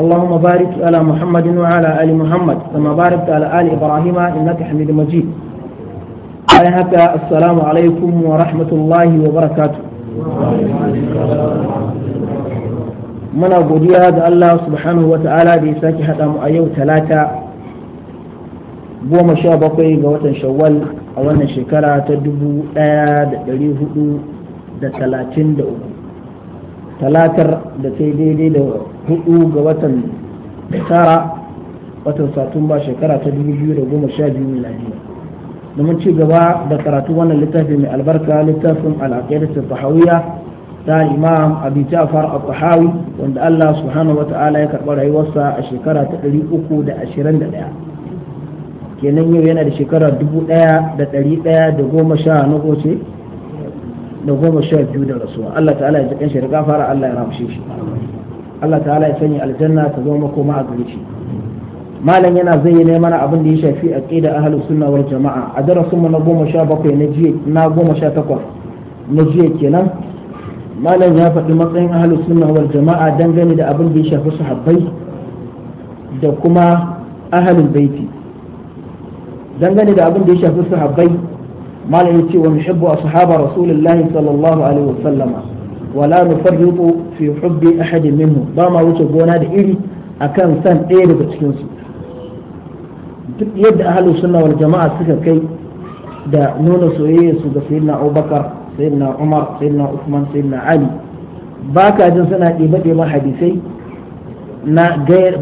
اللهم بارك على محمد وعلى آل محمد كما باركت على آل إبراهيم إنك حميد مجيد bayan haka assalamu alaikum wa rahmatullahi wa barakatu muna godiya ga Allah subhanahu wa ta'ala da ya sake haɗa mu a yau talata goma sha bakwai ga watan shawwal a wannan shekara ta dubu ɗaya da ɗari hudu da talatin da uku talatar da ta daidai da hudu ga watan tara watan satumba shekara ta 2012 miladiya mun ci gaba da karatu wannan littafi mai albarka littafin al'aqidatu tahawiyya ta imam abi ja'far at-tahawi wanda Allah subhanahu wata'ala ya karɓi rayuwarsa a shekara ta ɗaya kenan yau yana da shekara na ce da goma sha biyu da rasuwa Allah ta'ala ya ji kanshi da gafara Allah ya ramshe shi Allah ta'ala ya sanya aljanna ta zama makoma a gare shi malam yana zai yi mana abin da ya shafi aqida ahlus sunna wal jamaa a darasin mu na goma sha bakwai na jiya na goma sha takwas na jiya kenan malam ya faɗi matsayin ahlus sunna wal jamaa dangane da abin da ya shafi sahabbai da kuma ahlul baiti dangane da abin da ya shafi sahabbai malam yace wa nuhibbu ashaba rasulillahi sallallahu alaihi wasallam wala nufarriqu fi hubbi ahadin minhu ba ma wuce gona da iri akan san ɗaya daga cikin su duk yadda ahlus sunna wal jama'a suka kai da nuna soyayya su ga sayyidina Abubakar sayyidina Umar sayyidina Uthman sayyidina Ali ba ka jin suna ɗiba ɗiba hadisai na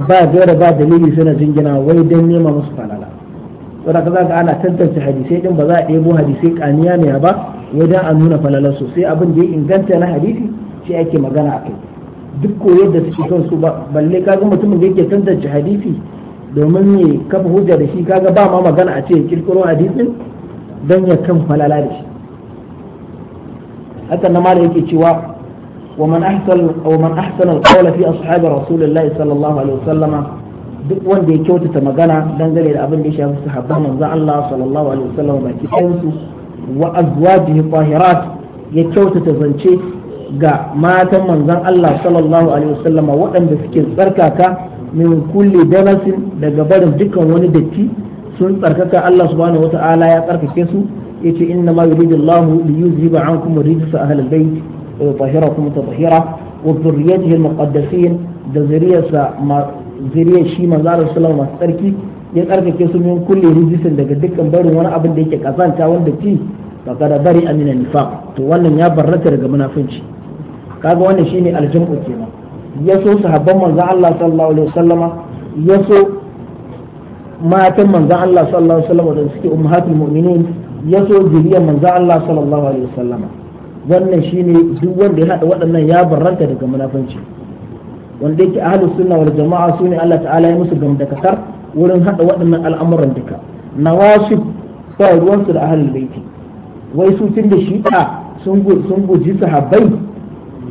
ba gaira ba dalili suna jingina wai dan nema musu falala saboda ka zaka ana tantance hadisai din ba za a ɗebo hadisai kaniya ne ba wajen a nuna falalar su sai abin da ya inganta na hadisi shi ake magana a kai duk koyar da suke kan su ba balle kaga mutumin da yake tantance hadisi domin ya kafa hujja da shi kaga ba ma magana a ce kirkiro hadisin don ya kan falala da shi haka na mala yake cewa ومن أحسن ومن أحسن القول في أصحاب رسول الله صلى الله عليه وسلم duk wanda ya kyautata magana dangane da abin da ya shafi sahabban manzon Allah sallallahu alaihi wasallam baki ɗayansu wa azwajihi tahirat ya kyautata zance ga matan manzon Allah sallallahu alaihi wasallam waɗanda suke tsarkaka min kulli danasin daga barin dukkan wani datti sun tsarkaka Allah subhanahu wata'ala ya tsarkake su yace inna ma yuridu Allahu li yuzhiba ankum rijsa ahlil bayt wa yutahhirakum tatahira wa dhurriyyatihi al-muqaddasin da zuriyarsa zuriyar shi manzo Allah sallallahu alaihi tsarki ya tsarkake su min kulle rijisin daga dukkan barin wani abin da yake kazanta wanda ba kada bari amina nifaq to wannan ya barrata daga munafinci kaga wannan shine aljum'u kenan ya so sahabban manzo Allah sallallahu alaihi wasallama ya so matan manzo Allah sallallahu alaihi wasallama da suke ummahatul mu'minin ya so zuriyar manzo Allah sallallahu alaihi wasallama wannan shine duk wanda ya hada waɗannan ya barranta daga munafinci wanda yake ahlus sunna wal jama'a sune Allah ta'ala ya musu gamdakatar wurin hada waɗannan al'amuran duka nawasib ba ruwan su da ahlul baiti wai su tun da shi shi'a sun guji sahabbai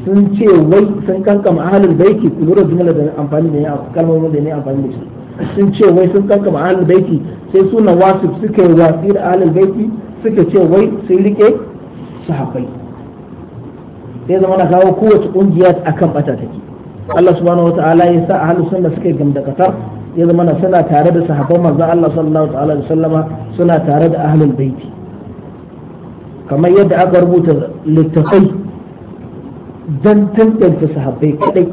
sun ce wai sun kankama ahlul baiti ku lura jumla da amfani da ya kalmomin da ne amfani da shi sun ce wai sun kankama ahlul baiti sai su nawasib suka yi watsi da ahlul baiti suka ce wai sun rike sahabbai sai zama na kawo kowace kungiya akan bata take Allah subhanahu wataala ya sa ahlus sunna suka gamda katar ya zama na suna tare da sahabban manzon Allah sallallahu alaihi wasallama suna tare da ahlul baiti kamar yadda aka rubuta littafai dan tantance sahabbai kadai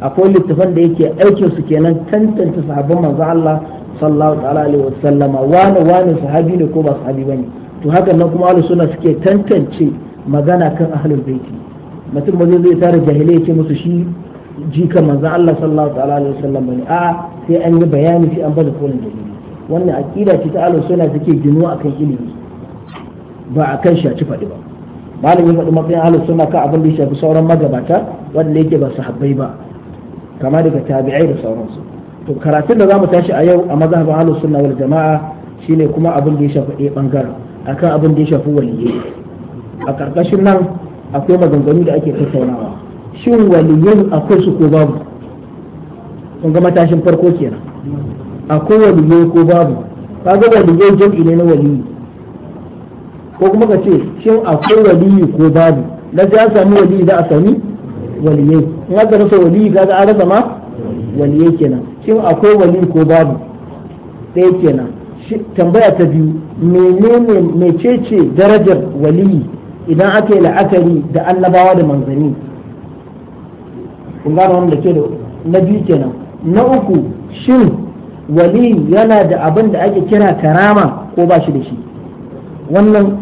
akwai littafan da yake aikin su kenan tantance sahabban manzon Allah sallallahu alaihi wasallama wani wani sahabi ne ko ba sahabi bane to haka nan kuma ahlus sunna suke tantance magana kan ahlul baiti mutum ba zai tare jahilai ya ce musu shi jika manzo Allah sallallahu alaihi wasallam bane a sai an yi bayani sai an bada kolin dalili wannan aqida ce ta ahlus sunna take ginuwa akan ilimi ba akan shaci faɗi ba malam ya faɗi matsayin ahlus sunna ka abin da ya shafi sauran magabata wanda yake ba sahabbai ba kama daga tabi'ai da sauransu to karatun da zamu tashi a yau a mazhabin ahlus sunna wal jama'a shine kuma abin da ya shafi ɗaya bangaren akan abin da ya shafi waliyyi a karkashin nan akwai maganganu da ake tattaunawa shin waliyan akwai su ko babu kun ga matashin farko kenan akwai waliyo ko babu ga waliyo jam'i ne na waliyi ko kuma ka ce shin akwai waliyi ko babu na ya sami waliyi za a sami waliyo in aka rasa waliyi za an rasa ma waliyo kenan shin akwai waliyi ko babu ɗaya kenan tambaya ta biyu menene mecece darajar waliyi idan aka yi la'akari da annabawa da manzanni kun gane wanda ke da na biyu kenan na uku shin wali yana da abin da ake kira karama ko ba shi da shi wannan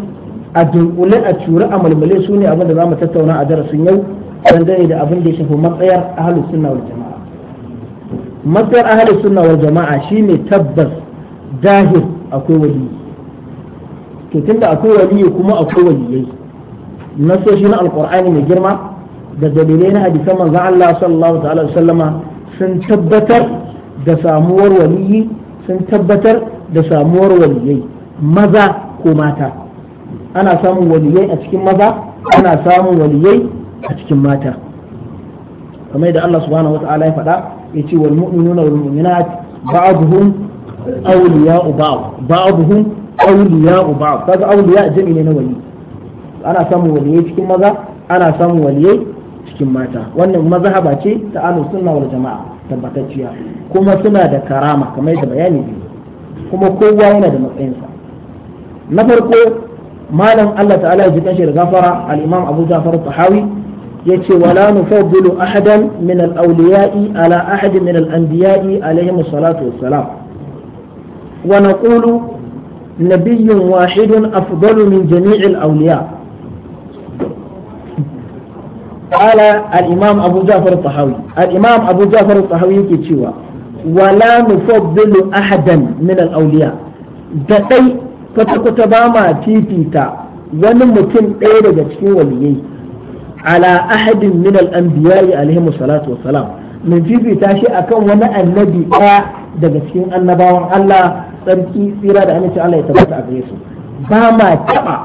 a dunkule a cure a mulmule su ne abin da za mu tattauna a darasin yau dangane da abin da ya shafi matsayar ahalus sunna wal jama'a matsayar ahalus sunna wal jama'a shine tabbas dahir akwai wali to tunda akwai wali kuma akwai waliyai nasoshi na alqur'ani mai girma da dalilai na hadisan manzon Allah sallallahu ta'ala wasallama sun tabbatar da samuwar waliyi sun tabbatar da samuwar waliyai maza ko mata ana samun waliyai a cikin maza ana samun waliyai a cikin mata kamar da Allah subhanahu wa ta'ala ya faɗa yace wal mu'minuna wal mu'minat ba'dhum awliya'u ba'd ba'dhum awliya'u ba'd kaga awliya jami'i ne na wali ana samun waliyai cikin maza ana samun waliyai cikin mata wannan mazhaba ce ta ahlus sunna wal jama'a tabbatacciya kuma suna da karama kamar da bayani biyu kuma kowa yana da matsayinsa na farko malam Allah ta'ala ya ji kanshi da gafara al-imam Abu Ja'far Tahawi yace wala nufaddilu ahadan min al-awliya'i ala ahad min al-anbiya'i alayhi salatu wassalam wa naqulu nabiyyun wahidun afdalu min jami'il awliya' قال الإمام أبو جعفر الطحاوي الإمام أبو جعفر الطحاوي كتشوى ولا نفضل أحدا من الأولياء دقي كتكت باما تيتيتا ونمتن إيرا جتشو وليي على أحد من الأنبياء عليهم الصلاة والسلام من فيفي تاشي أكون وانا النبي آ دقشين النباوان الله tsarki tsira da aminci Allah ya tabbata a gare su ba ma taɓa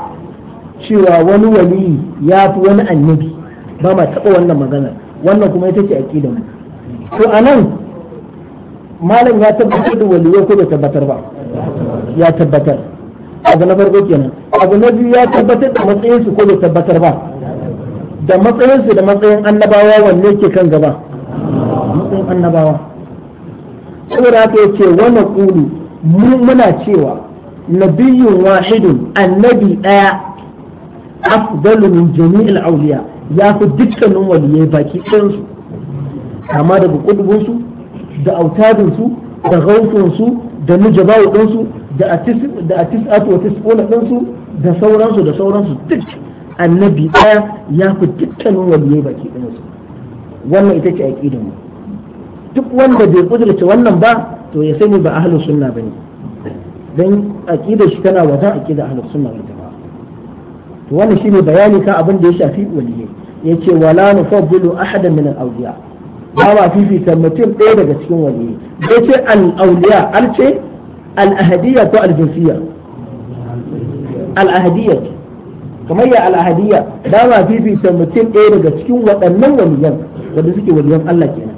cewa wani waliyi ya fi wani annabi ba ma taɓa wannan magana wannan kuma ita ce aƙida mu to a nan, malam ya tabbatar da waliyai ko bai tabbatar ba ya tabbatar abu na farko kenan abu na biyu ya tabbatar da matsayin su ko bai tabbatar ba da matsayin su da matsayin annabawa wanne ke kan gaba matsayin annabawa saboda haka yace wannan qulu mu muna cewa nabiyyun wahidun annabi ɗaya afdalu min jami'il awliya ya fi dukkanin waliyai baki ɗayansu kama daga kudubinsu da autadinsu da gautunsu da nujabawu ɗinsu da atis'atu wa tis'una ɗinsu da sauransu da sauransu duk annabi ɗaya ya fi dukkanin waliyai baki ɗayansu wannan ita ce aƙidanmu duk wanda bai kudurce wannan ba to ya sani ba ahlus sunna bane dan aqidar shi tana wajen aqidar ahlus sunna wal jamaa to wannan shine bayani ka abin da ya shafi waliyai yace wala nufaddilu ahadan min al-awliya ba ma fifita mutum ɗaya daga cikin waliyi bai ce al-awliya al ce al-ahadiyya ko al-jinsiyya al-ahadiyya kamar ya al-ahadiyya ba ma fifita mutum ɗaya daga cikin waɗannan waliyan wanda suke waliyan Allah kenan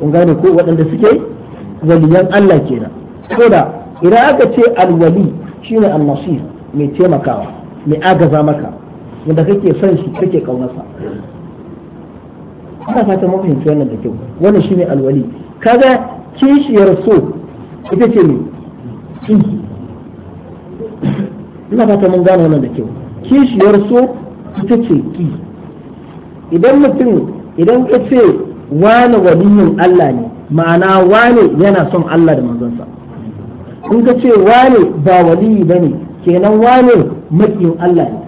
kun gane ko waɗanda suke waliyan Allah kenan saboda idan aka ce al-wali shine al-nasir mai taimakawa mai agaza maka wanda kake son shi kake kaunarsa ina fata mun fahimci wannan da kyau wannan shi ne alwali kaga kishiyar so ita ce ne ki ina fata mun gane wannan da kyau kishiyar so ita ce ki idan mutum idan ka ce wane waliyin Allah ne ma'ana wane yana son Allah da manzansa in ka ce wane ba waliyi ne kenan wane maƙin Allah ne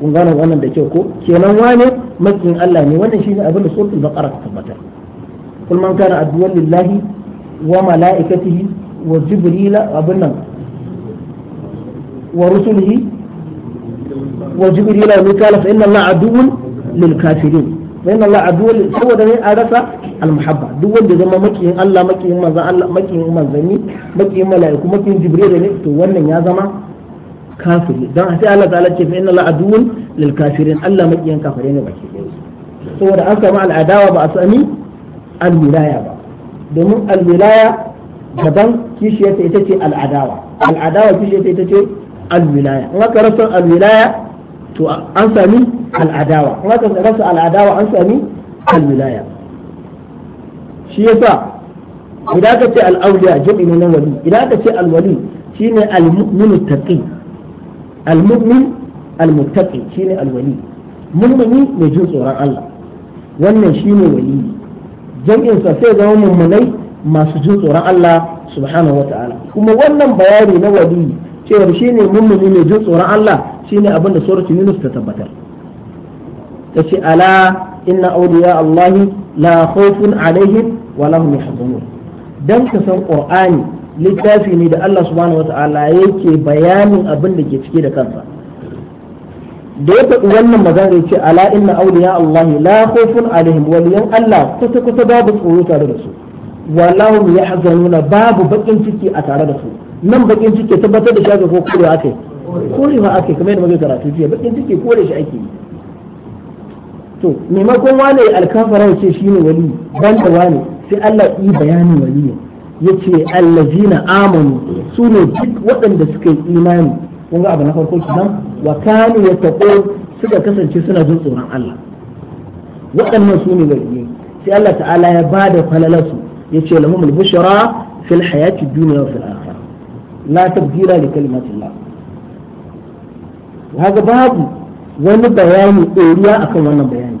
kun gane wannan da kyau ko kenan wane makin Allah ne wannan shine abin da suratul baqara ta tabbatar kul man kana addu'an lillahi wa malaikatihi wa jibril abin nan wa rusulihi wa jibril wa mikala fa inna Allah aduwwun lil kafirin fa inna Allah aduwwun saboda ne a rasa al muhabba duk wanda zama makiyin Allah makiyin manzon Allah makiyin manzanni makiyin mala'iku makiyin jibril ne to wannan ya zama kafiri don sai Allah ta'ala ce fa inna la aduwwun lil kafirin Allah makiyan kafirai ne baki ɗaya saboda an samu al'adawa ba a sami alwilaya ba domin alwilaya daban kishiyarta ita ce al'adawa al'adawa kishiyarta ita ce alwilaya in aka rasa alwilaya to an sami al'adawa in aka rasa al'adawa an sami alwilaya shi yasa idan aka ce al'auliya jami'i ne na wali idan aka ce alwali shine al-mu'minu taqi al-mu'min al-muttaqi shine al-wali mai jin tsoron Allah wannan shine wali jam'in sa sai zama mummunai masu jin tsoron Allah subhanahu wata'ala kuma wannan bayani na wali cewa shine mummuni mai jin tsoron Allah shine abin da suratul yunus ta tabbatar tace ala inna ya Allah la khawfun alaihim wa lahum yahzanun dan ka san qur'ani littafi ne da Allah subhanahu ta'ala yake bayanin abin da ke cike da kansa da ya faɗi wannan magana ya ce ala inna awliya Allah la khawfun alaihim waliyan Allah kuta kuta babu tsoro tare da su wallahu yahzanuna babu bakin ciki a tare da su nan bakin ciki tabbatar da shaka ko ake? akai ba ake kamar yadda muke karatu jiya bakin ciki kore shi ake yi to maimakon wane alkafara ya ce shine wali ban da wani sai Allah yi bayanin waliyin yace allazina amanu su ne duk waɗanda suka yi imani kun ga abu na farko kidan wa kanu yattaqun suka kasance suna jin tsoron Allah waɗannan su ne gari sai Allah ta'ala ya ba da falalarsu ya ce lahum al-bushra fil hayati dunya wa fil akhirah la tabdila li kalimatillah haka babu wani bayani ɗoriya akan wannan bayani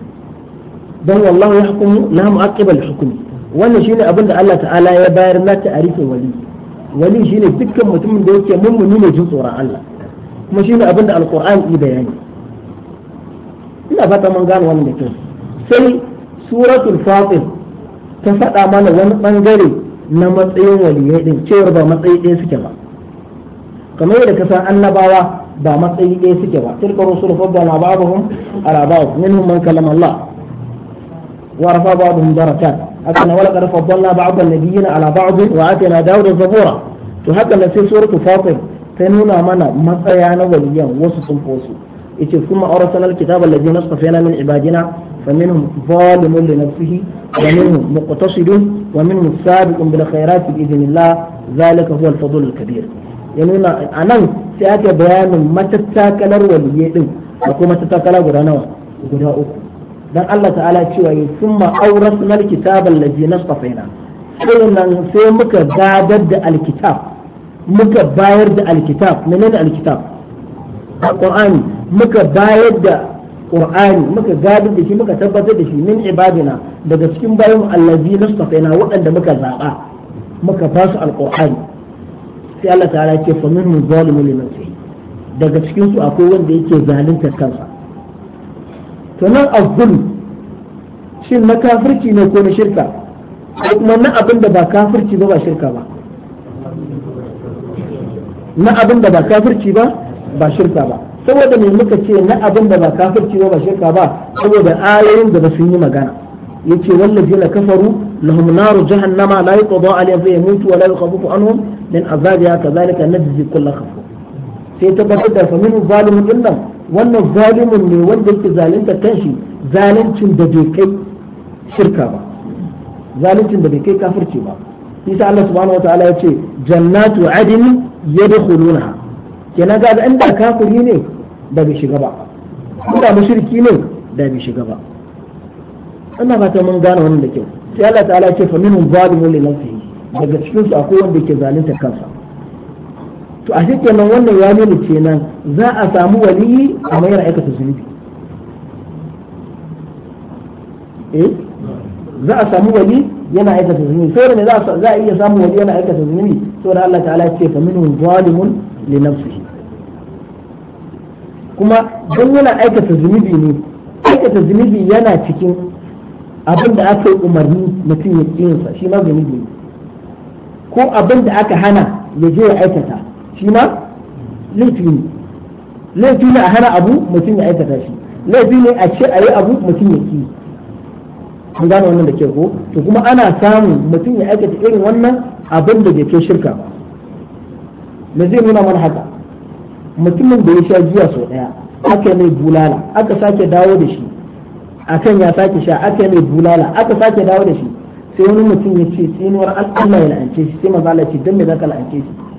dan wallahu yahkumu la mu'aqqiba li hukmi wannan shine abin da Allah ta'ala ya bayar na ta'arifin wali wali shine dukkan mutumin da yake mummuni ne jin tsoron Allah kuma shine abin da alqur'ani yi bayani ina fata mun gane wannan da kyau sai suratul fatir ta faɗa mana wani bangare na matsayin waliyai din cewar ba matsayi ɗaya suke ba kamar yadda ka san annabawa ba matsayi ɗaya suke ba tilka rusul faddala ba'dhum ala ba'd minhum man kalama Allah wa rafa ba'dhum darakat haka walaqad faddalna ba'd an-nabiyyin ala ba'd wa atayna dawud zabura to haka na sai suratu fatir ta nuna mana matsaya na waliyan wasu sun fosu yace kuma awrasana al-kitaba alladhi nasfafina ibadina فمنهم ظالم لنفسه ومنهم مقتصد ومنهم سابق بالخيرات بإذن الله ذلك هو الفضل الكبير يعني أنا سأتي بيان متى تاكلر وليه أو متى تاكلر غدا نوا غدا أوكو dan Allah ta'ala cewa yi summa na alkitab allazi nasfaina nan sai muka gadar da alkitab muka bayar da alkitab menene alkitab alqur'ani muka bayar da qur'ani muka gadar da shi muka tabbatar da shi min ibadina daga cikin bayan allazi nasfaina waɗanda muka zaba muka ba su alqur'ani sai Allah ta'ala ce fa minhum zalimun li nafsihi daga cikin su akwai wanda yake zalunta kansa to nan azzulm shin na kafirci ne ko na shirka ko kuma na abin da ba kafirci ba ba shirka ba na abin da ba kafirci ba ba shirka ba saboda me muka ce na abin da ba kafirci ba ba shirka ba saboda ayoyin da ba sun yi magana yace wallazina kafaru lahum naru jahannama la yuqda alayhim yamutu wa la yukhaffafu anhum min azabiha kadhalika najzi kull kafur sai tabbatar da famin zalimin dinnan wannan zalimin ne wanda yake zalunta kanshi zaluncin da bai kai shirka ba zaluncin da bai kai kafirci ba isa Allah subhanahu wataala ya ce jannatu adin yadkhuluna kenan ga in da kafiri ne da bai shiga ba inda da mushriki ne da bai shiga ba ina fata mun gane wannan da kyau sai Allah ta'ala ya ce fa minhum zalimun li nafsihi daga cikin su akwai wanda yake zalunta kansa to a nan wannan ya nuna kenan za a samu waliyi amma yana aikata zunubi eh? za a samu wali yana aikata zunubi sai ne za a iya samu wali yana aikata zunubi sai da Allah ta'ala ya ce fa minhum zalimun li nafsihi kuma don yana aikata zunubi ne aikata zunubi yana cikin abin da aka yi umarni mutum ya yinsa shi ma zunubi ne ko abin da aka hana ya je ya aikata shi laifi ne laifi ne a hana abu mutum ya aikata shi laifi ne a ce a yi abu mutum ya ki an gane wannan da ke ko to kuma ana samun mutum ya aikata irin wannan abin da ke shirka ba zai nuna mana haka mutumin da ya sha giya sau daya aka mai bulala aka sake dawo da shi akan ya sake sha aka mai bulala aka sake dawo da shi sai wani mutum ya ce tsinuwar al'amma ya la'ance shi sai maza Allah ce don me zaka la'ance shi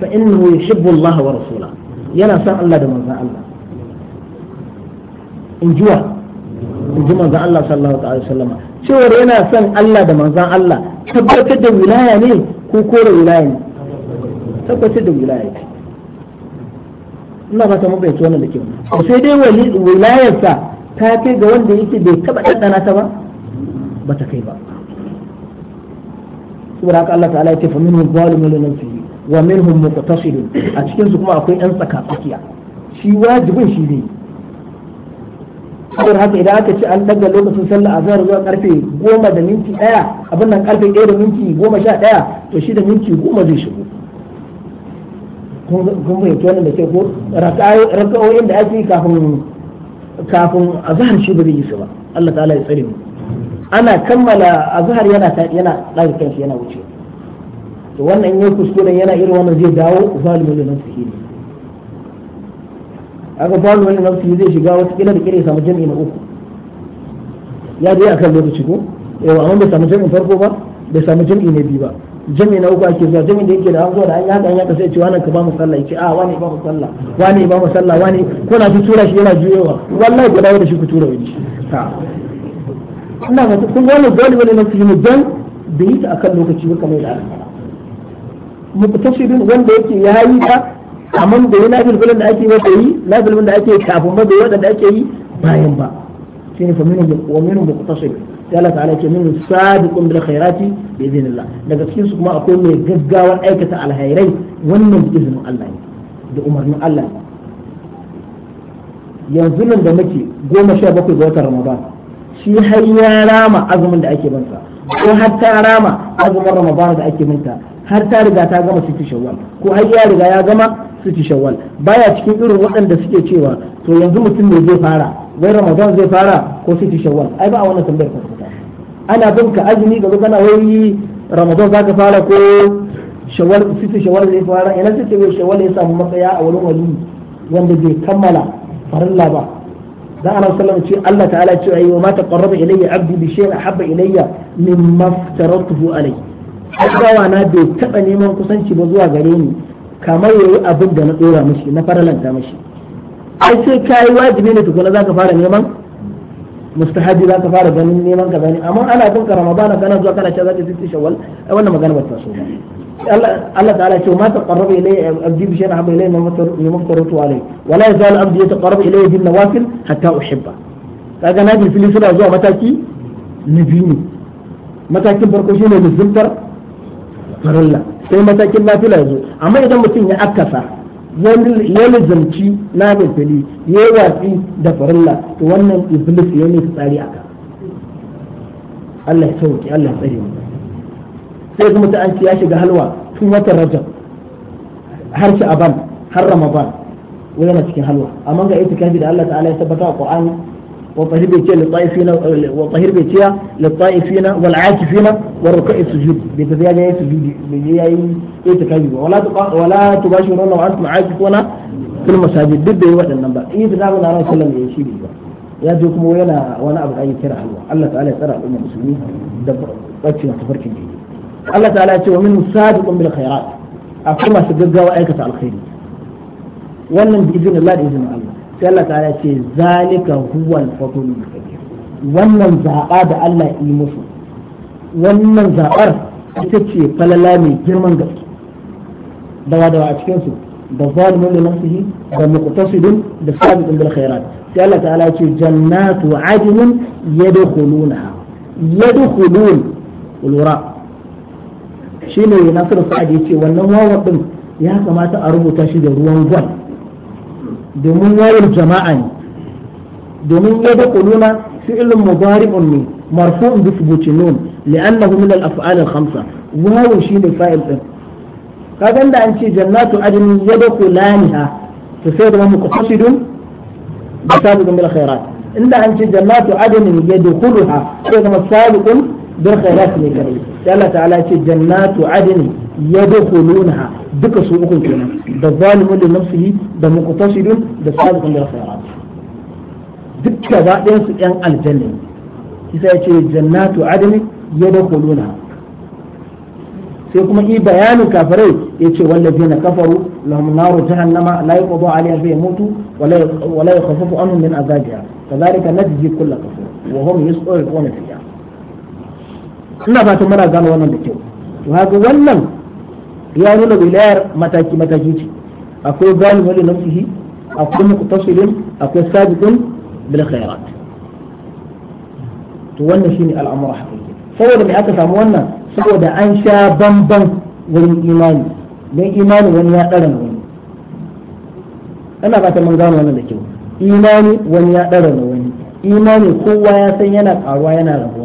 fa innahu yuhibbu Allah wa rasula yana son Allah da manzon Allah in jiwa in Allah sallallahu alaihi yana son Allah da manzon Allah tabbatar da wilaya ne ko kore wilaya ne tabbatar da wilaya ina fata mun bayyana wannan da kyau sai dai wilayarsa ta kai ga wanda yake bai taba daddana ta ba ba ta kai ba saboda haka Allah ta'ala ya ce fa minhu zalimun li wa minhum muqtasidun a cikin su kuma akwai yan tsaka tsakiya shi wajibin shi ne saboda haka idan aka ce an daga lokacin sallah a zuwa karfe goma da minti ɗaya abin nan karfe ɗaya da minti goma sha ɗaya to shi da minti goma zai shigo kun fahimci wannan da ke ko raka'o'in da ake kafin kafin azhar shi ba zai yi su ba Allah ta'ala ya tsare mu ana kammala azhar yana yana ɗaga kanshi yana wuce. to wannan yin kuskuren yana irin wannan zai dawo zalimin da nan ne aka wani nan nafsihi zai shiga wata kila da kire samu jami'i na uku ya je akan lokaci ko yawa amma bai samu jami'i farko ba bai samu jami'i na biyu ba jami'i na uku ake zuwa jami'i da yake da an zo da an yi haka an yaka sai ce wannan ka ba mu sallah yace a ah, wani ba mu sallah wani ba mu sallah wani ko na su tura shi yana juyewa wallahi ku dawo da shi ku tura wani ta ina ga kun wannan dole ne na fiye dan bai yi ta akan lokaci ba kamar da aka muktashirin wanda yake yayi ta amma da yana bilbilan da ake wata yi na bilbilan da ake kafin ba da wadanda ake yi bayan ba shine fa minhum wa minhum muqtasid sai Allah ta'ala ce minhum sabiqun bil khairati bi idhnillah daga cikin su kuma akwai mai gaggawar aikata alhairai wannan bi izinin Allah ne da umarnin Allah ne yanzu nan da muke goma sha bakwai ga watan Ramadan shi har ya rama azumin da ake bansa ko har ta rama azumin Ramadan da ake banta. har ta riga ta gama siti shawwal ko har ya riga ya gama siti shawwal baya cikin irin waɗanda suke cewa to yanzu mutum ne zai fara wai ramadan zai fara ko siti shawwal ai ba a wannan tambayar kwata ana bin ka azumi ga kana wai ramadan zaka fara ko shawwal siti shawwal zai fara ina sai wai shawwal ya samu matsaya a wurin wani wanda zai kammala farilla ba dan Allah sallallahu alaihi Allah ta'ala ce ayyuma taqarraba ilayya abdi bi shay'in ahabba ilayya mimma aftaratuhu alayhi bawa na bai taɓa neman kusanci ba zuwa gare ni kamar yayi abin da na tsora mashi na faralanta mashi ai sai ka yi wajibi ne tukuna za ka fara neman mustahabi za ka fara ganin neman ka ne amma ana bin ba ramadana kana zuwa kana cewa za ka tsitsi shawal ai wannan magana ba ta so ba Allah ta'ala ce ma taqarraba ilayya abdi bi shay'in habba ilayya ma maftaratu alayhi wa la yazal abdi yataqarraba ilayya bin nawafil hatta uhibba kaga na bil fili suna zuwa mataki na biyu ne matakin farko shine lizimtar farilla sai matakin lafiya yazo amma idan mutum ya akasa ya lizanci na bilfili ya yi watsi da farilla to wannan iblis ya nufi tsari a ka Allah ya sauke Allah ya tsare mu sai kuma ta an ya shiga halwa tun watan rajab har ban har ramadan wani yana cikin halwa amma ga itikafi da Allah ta'ala ya tabbata a qur'ani وطهير بيتيا للطائفين وطهير بيتيا للطائفين والعاكفين والركع السجود بيتيا جاي سجود بيتيا اي تكايب ولا تقا ولا تباشرون وانتم عاكفون في المساجد ضد بي ودان نمبر اي ده إيه زمان الله صلى الله عليه وسلم يا دوكم وينا وانا ابغى اي كره الله الله تعالى ترى الامه المسلمين دبر وجهنا تفركين الله تعالى يقول ومن صادق بالخيرات اقوم سجدوا ايكه الخير ولن باذن الله باذن الله sai Allah ta'ala ce zalika huwal fadlul wannan zaba da Allah yi musu wannan zabar ita ce falala mai girman gaske dawa dawa a cikin su da zalimin da nafsihi da muqtasidun da sabiqun bil khairat sai Allah ta'ala ya ce jannatu adnin yadkhulunaha yadkhulun ulura shine nasiru sa'adi ya ce wannan wawan din ya kamata a rubuta shi da ruwan gwal domin wayar jama'a ne domin ya da kuluna fi'il mudari'un ne marfu'un bi thubuti nun li'annahu min al-af'al al-khamsa wawu shine fa'il din kaga da an ce jannatu adnin yadkhulaniha to sai da muqtasidun da sabiqin bil khairat inda an ce jannatu adnin yadkhuluha sai da sabiqun bil khairat ne kai sai Allah ce jannatu adni yadkhulunha duka su uku kenan da zalimun li nafsihi da muqtasidun da sabiqun da khairat duk gaba ɗayan su ɗan aljanna kisa ya ce jannatu adni yadkhulunha sai kuma yi bayanin kafirai ya ce na kafaru lahum naru jahannama la yuqadu alaiha fa yamutu wa la yukhaffafu anhum min azabiha kadhalika najzi kull kafur wa hum yus'aluna fiha ina fatan muna gano wannan da kyau to haka wannan ya nuna wilayar mataki mataki ce akwai zalim wali nafsihi akwai muqtasidin akwai sabiqun bil khairat to wannan shine al'amura hakiki saboda me aka samu wannan saboda an sha bamban wurin imani dan imani wani ya dara wani ina fatan mun gano wannan da kyau imani wani ya dara wani imani kowa ya san yana ƙaruwa yana rabuwa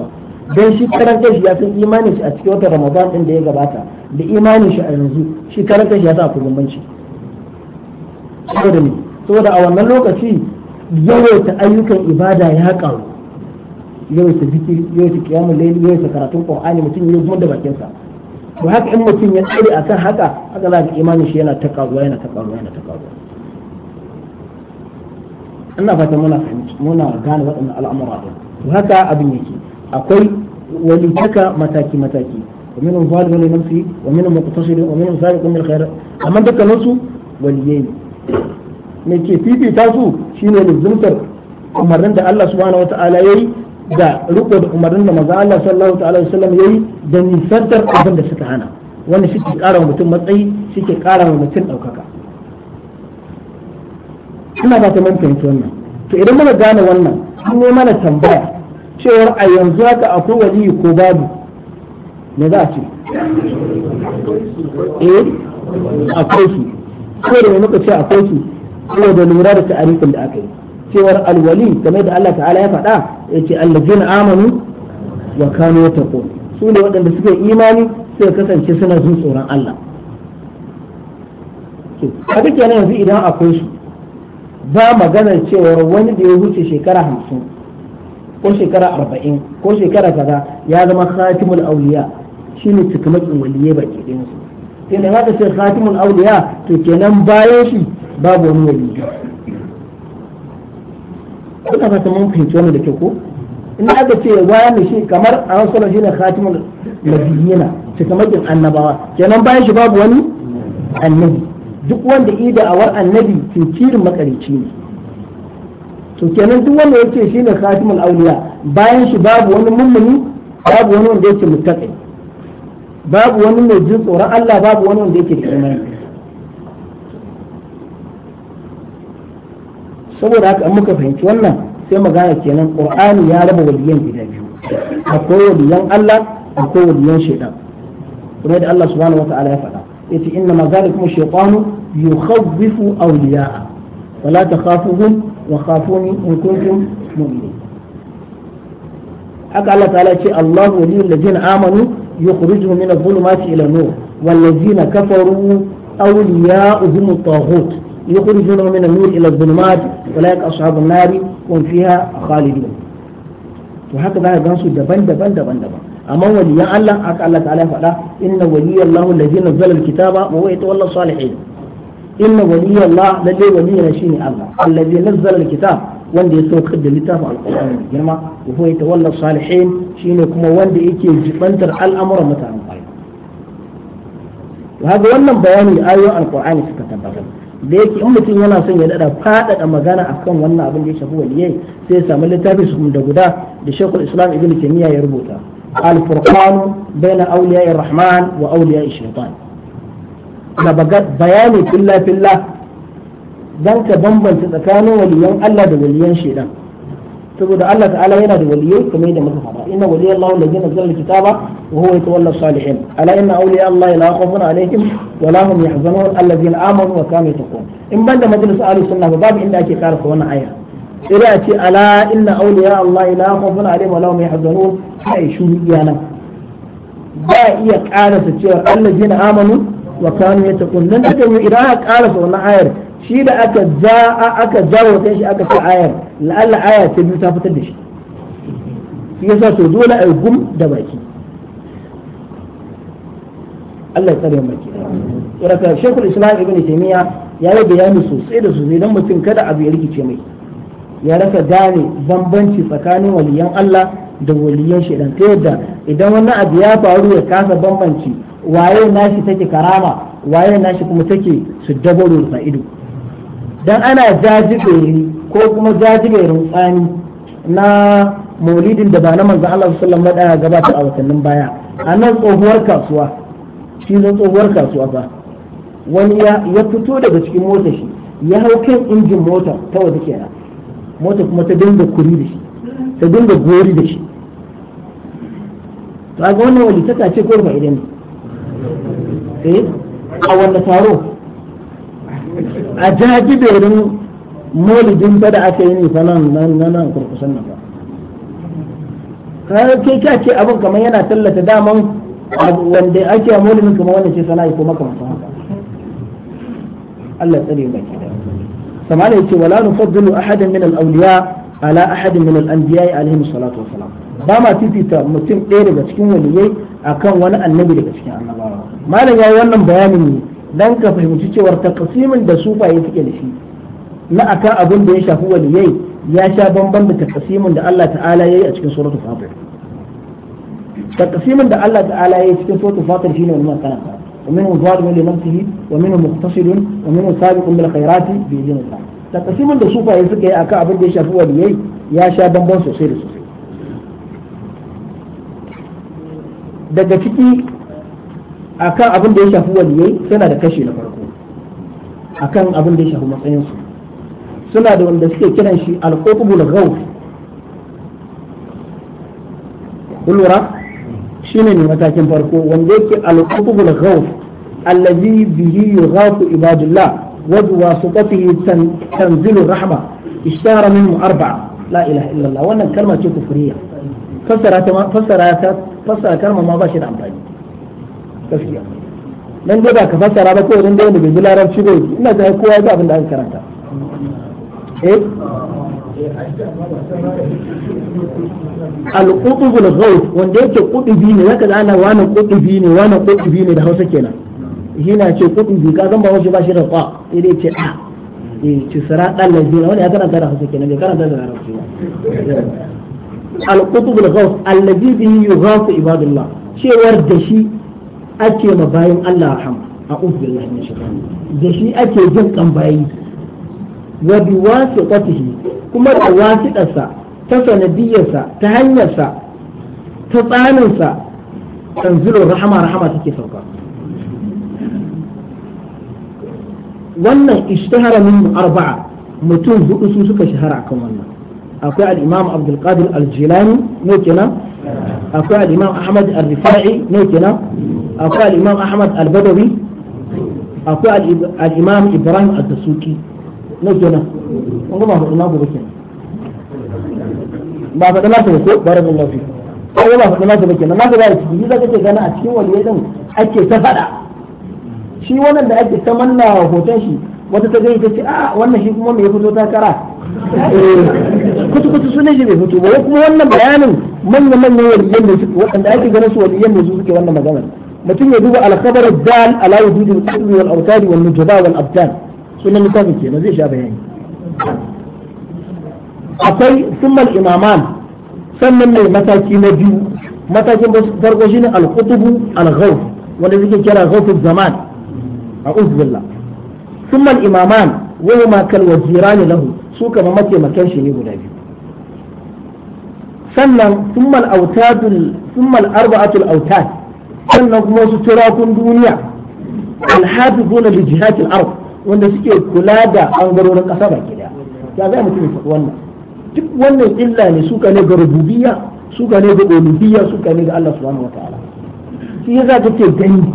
don shi karanta shi ya san imanin shi a cikin wata ramadan din da ya gabata da imanin shi a yanzu shi karanta shi ya sa akwai bambanci saboda ne saboda a wannan lokaci yawaita ayyukan ibada ya karu yawaita zikiri yawaita kiyamun layl yawaita karatun qur'ani mutum ya zuwa da bakin sa to haka in mutum ya tsare akan haka haka za ka imanin shi yana ta karuwa yana ta karuwa yana ta karuwa ina fatan muna muna gane waɗannan al'amura din haka abin yake akwai walitaka mataki mataki wa minhum zalimun li nafsi wa minhum muqtasidun wa minhum sabiqun bil khairat amma dukkanin su waliyai ne fifita su shine lizumtar umarnin da Allah subhanahu wataala yayi da riko da umarnin da manzo Allah sallallahu ta'ala alaihi wasallam yayi da nisantar da suka hana wannan shi ke kara wa mutum matsayi shi ke kara wa mutum daukaka ina ba ta wannan to idan muka gane wannan an mana tambaya cewar a yanzu haka akwai waliyi ko babu me za a ce eh akwai su ko da muka ce akwai su ko da lura da ta'arifin da aka yi cewar alwali game da Allah ta'ala ya faɗa yace allazina amanu wa kanu yattaqun su ne waɗanda suka yi imani suka kasance suna jin tsoron Allah a duk yanzu idan akwai su ba maganar cewar wani da ya wuce shekara hamsin ko shekara arba'in ko shekara kaza ya zama khatimul auliya ne cikamakin waliye baki ɗayan su kenan haka ce khatimul auliya to kenan bayan shi babu wani wali kuna fata mun fahimci wannan da ke ko in aka ce ne shi kamar a wasu shine khatimul nabiyina cikamakin annabawa kenan bayan shi babu wani annabi duk wanda ida awar annabi tinkirin makarici ne to kenan duk wanda yake shine khatimul auliya bayan shi babu wani mummuni babu wani wanda yake muttaqi babu wani mai jin tsoron Allah babu wani wanda yake da imani saboda haka an muka fahimci wannan sai magana kenan qur'ani ya raba waliyan gida biyu akwai waliyan Allah akwai waliyan shaitan kuma da Allah subhanahu wataala ya faɗa yace inna ma zalikum shaytanu yukhawwifu awliya'a wala takhafuhum وخافوني إن كنتم مؤمنين حق الله تعالى شيء الله ولي الذين آمنوا يخرجهم من الظلمات إلى النور والذين كفروا أولياؤهم الطاغوت يخرجونهم من النور إلى الظلمات أولئك أصحاب النار هم فيها خالدون وهكذا جنسوا دبن دبن دبن دبن أما ولي الله حق الله تعالى فعلا إن ولي الله الذين نزل الكتاب وهو يتولى الصالحين inna waliyya Allah lalle waliyya na shine Allah allazi nazzala wanda ya saukar da littafin alqur'ani mai girma wa huwa yatawalla salihin shine kuma wanda yake jibantar al'amuran mutanen kwarai haka wannan bayani ayoyin Alƙur'ani suka tabbatar da yake in mutum yana son ya dada faɗaɗa magana akan wannan abin da ya shafi waliyai sai ya samu littafin su da guda da shekul islam ibn taymiya ya rubuta al-furqan bayna awliya rahman wa awliya ash-shaytan da bayani filla filla dan ka bambanta tsakanin waliyan Allah da waliyan shaidan saboda Allah ta'ala yana da waliyai kamar yadda muka faɗa inna waliyallahu alladhi nazzala alkitaba wa huwa yatawalla salihin ala inna awliya Allah la khawfun alaihim wa la hum yahzanun alladhina amanu wa kanu yattaqun in banda majlis ahli sunna ba babu inda ake karanta wannan aya sai a ce ala inna awliya Allah la khawfun alaihim wa la hum yahzanun sai shuru iyana ba iya karanta cewa alladhina amanu wa kanu yattaqun nan take mu idan aka karasa wannan ayar shi da aka ja aka jawo kan shi aka sa ayar la'alla aya ta biyu ta fitar da shi shi yasa to dole ai gum da baki Allah ya tsare mu baki saboda shekul islam ibn taymiya ya yi bayani sosai da sosai dan mutum kada abu ya rikice mai ya rasa gane bambanci tsakanin waliyan Allah da waliyan shaidan ta yadda idan wani abu ya faru ya kasa bambanci waye nashi take karama waye nashi kuma take su dabaru da ido dan ana jajiberi ko kuma jajiberin tsani na maulidin da ba na manzo Allah sallallahu alaihi wasallam gabata a watannin baya anan nan tsohuwar kasuwa shi ne tsohuwar kasuwa fa wani ya fito daga cikin motar shi ya hau kan injin mota ta waje kenan mota kuma ta dinga kuri da shi ta dinga gori da shi to ga wannan walitaka ce ko ba idan eh a wannan taro a jajiberin maulidin ba da aka yi ne fa nan nan nan kurkusan nan ba kayan kai ka ce abin kamar yana tallata daman wanda ake a maulidin kamar wanda ce sana'a ko makamantan haka Allah tsare baki da samana yace wala nufaddilu ahadan min al-awliya ala ahadin min an anbiya alaihi salatu wassalam ba ma fifita mutum ɗaya daga cikin waliyai akan wani annabi daga cikin annabawa malam yayi wannan bayanin ne dan ka fahimci cewar takasimin da sufaye suke da shi na akan abin da ya shafi waliyai ya sha bamban da takasimin da Allah ta'ala yayi a cikin suratul fatir da Allah ta'ala yayi cikin suratul shine wannan karanta ومنهم ظالم لنفسه ومنهم مقتصد ومنهم سابق بالخيرات بإذن الله takasimin da sufaye suka yi akan abin da ya shafi waliyai ya sha bambam sosai da sosai daga ciki akan abin da ya shafi waliyai suna da kashi na farko akan abin da ya shafi matsayinsu suna da wanda suke kiran shi alƙoƙubul ghauf kulura shi ne matakin farko wanda yake alƙoƙubul ghauf allazi bihi yughafu ibadullah وبواسطته تنزل الرحمة اشتار منه أربعة لا إله إلا الله وأن الكلمة كفرية فسر فسر فسر كلمة ما باش عن باي من دبا كفسر هذا كله من دبا بلا رب شبه إنه ذا يكوى ذا من دبا كرانتا إيه القطب الغوث وان ديك القطبين لك الآن وانا القطبين وانا القطبين ده هو سكينا shi na ce kuɗin ka zan ba wasu ba shi da kwa sai dai ce a ah, eh, ce sira ɗan lazina wani ya karanta da hausa kenan bai karanta da larabci ba al-qutub al-ghaws alladhi bihi yughasu ibadullah cewar da shi ake ma bayan Allah rahama a'udhu billahi minash shaitani da shi ake jin kan bayi wa bi wasiqatihi kuma da wasiqarsa ta sanadiyarsa ta hanyarsa ta tsaninsa tanzilu rahama rahama take sauka wannan ishtahara min arba'a mutum hudu su suka shahara akan wannan akwai al-imam Abdul Qadir al-Jilani ne kenan akwai al-imam Ahmad al-Rifa'i ne kenan akwai al-imam Ahmad al-Badawi akwai al-imam Ibrahim al-Dasuki ne kenan kun ga ba hudu na gobe kenan ba faɗa da ba ko barakallahu fi ko ba faɗa da ba kenan na ga ba ciki ni zaka ce gana a cikin waliyai ake ta faɗa shi wannan da ake ta manna hoton shi wata ta gani ta ce a wannan shi kuma mai fito takara eh, kutu kutu su ne shi mai fito ba kuma wannan bayanin manya manyan waliyan da suke waɗanda ake ganin su waliyan da suke wannan magana mutum ya duba alkhabar dal ala wujudil qurbi wal awtari wal nujaba wal abdan sunan littafin kenan zai sha bayani akwai summal imaman sannan mai mataki na biyu matakin farko shine al-qutubu al-ghawf wanda suke kira ghawfuz zaman a'udhu billah thumma imaman wa huma kal wajiran lahu su kama mataimakan shi ne guda biyu sannan thumma al-autadul thumma al sannan kuma su turakun duniya al-hafizuna wanda suke kula da bangarorin kasa ba daya ya zai mutum ya wannan duk wannan illa ne suka ne ga rububiyya suka ne ga uluhiyya suka ne ga Allah subhanahu wataala shi yasa kake gani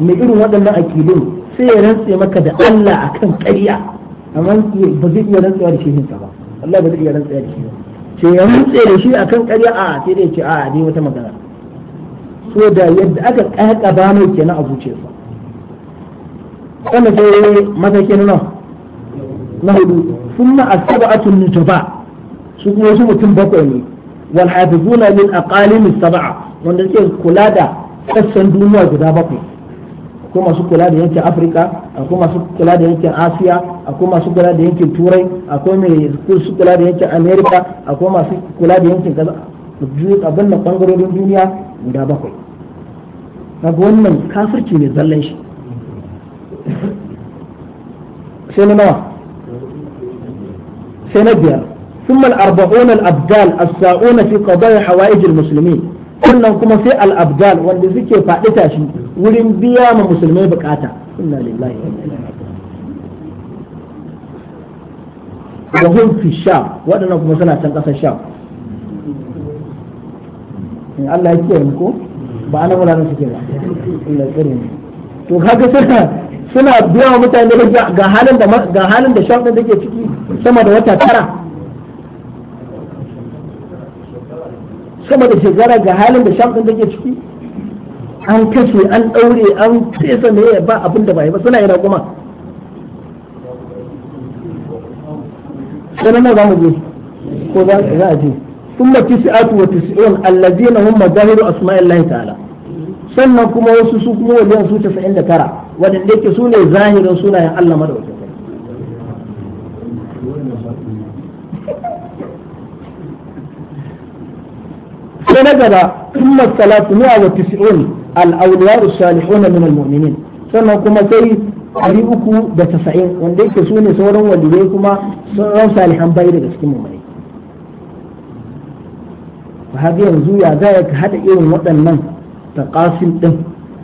mai irin waɗannan akidun sai ya rantse maka da Allah a akan ƙarya amma ba zai iya rantsewa da shehinsa ba Allah ba zai iya rantsewa da shi ba ce ya rantse da shi akan ƙarya a sai dai ce a ne wata magana so da yadda aka ƙaƙa ba mai kenan a zuciyarsa kuma sai matakin nan na hudu sun ma asaba'atun nutaba su kuma wasu mutum bakwai ne wal hafizuna min aqalim sab'a wanda suke kula da sassan duniya guda bakwai akwai masu kula da yankin afirka akwai masu kula da yankin asiya akwai masu kula da yankin turai akwai masu kula da yankin amerika akwai masu kula da yankin kaza abin da bangarorin duniya guda bakwai daga wannan kafirci ne zallan shi sai na nawa sai na biyar al-abdal الأربعون الأبدال الساؤون في قضايا حوائج المسلمين wannan kuma sai al-abdal wanda suke faɗi tashi wurin biya ma musulmai bukata inna lillahi wa hum fi sham waɗannan kuma suna can ƙasar sham in Allah ya kiyaye ko ba ana mulanin suke ba inna tsare to kaga suna suna biya mutane ga halin da ga halin da sham ɗin take ciki sama da wata tara sama da shekara ga halin da sham din take ciki an kashe an daure an fesa ne ba abin da bai ba suna yana kuma sanan za mu je ko za a je ثم تسعة وتسعون الذين هم مظاهر أسماء الله ta'ala. sannan kuma wasu su kuma wajen su 99 waɗanda yake su ne zahirin sunayen Allah madaukakin sai na gaba kuma salatu ne wa tis'un al-awliya as-salihun min al-mu'minin sannan kuma sai ɗari uku da tasa'in wanda yake su ne sauran walidai kuma sauran salihan bai daga cikin mummuni ba haka yanzu ya za ka haɗa irin waɗannan taƙasin ɗin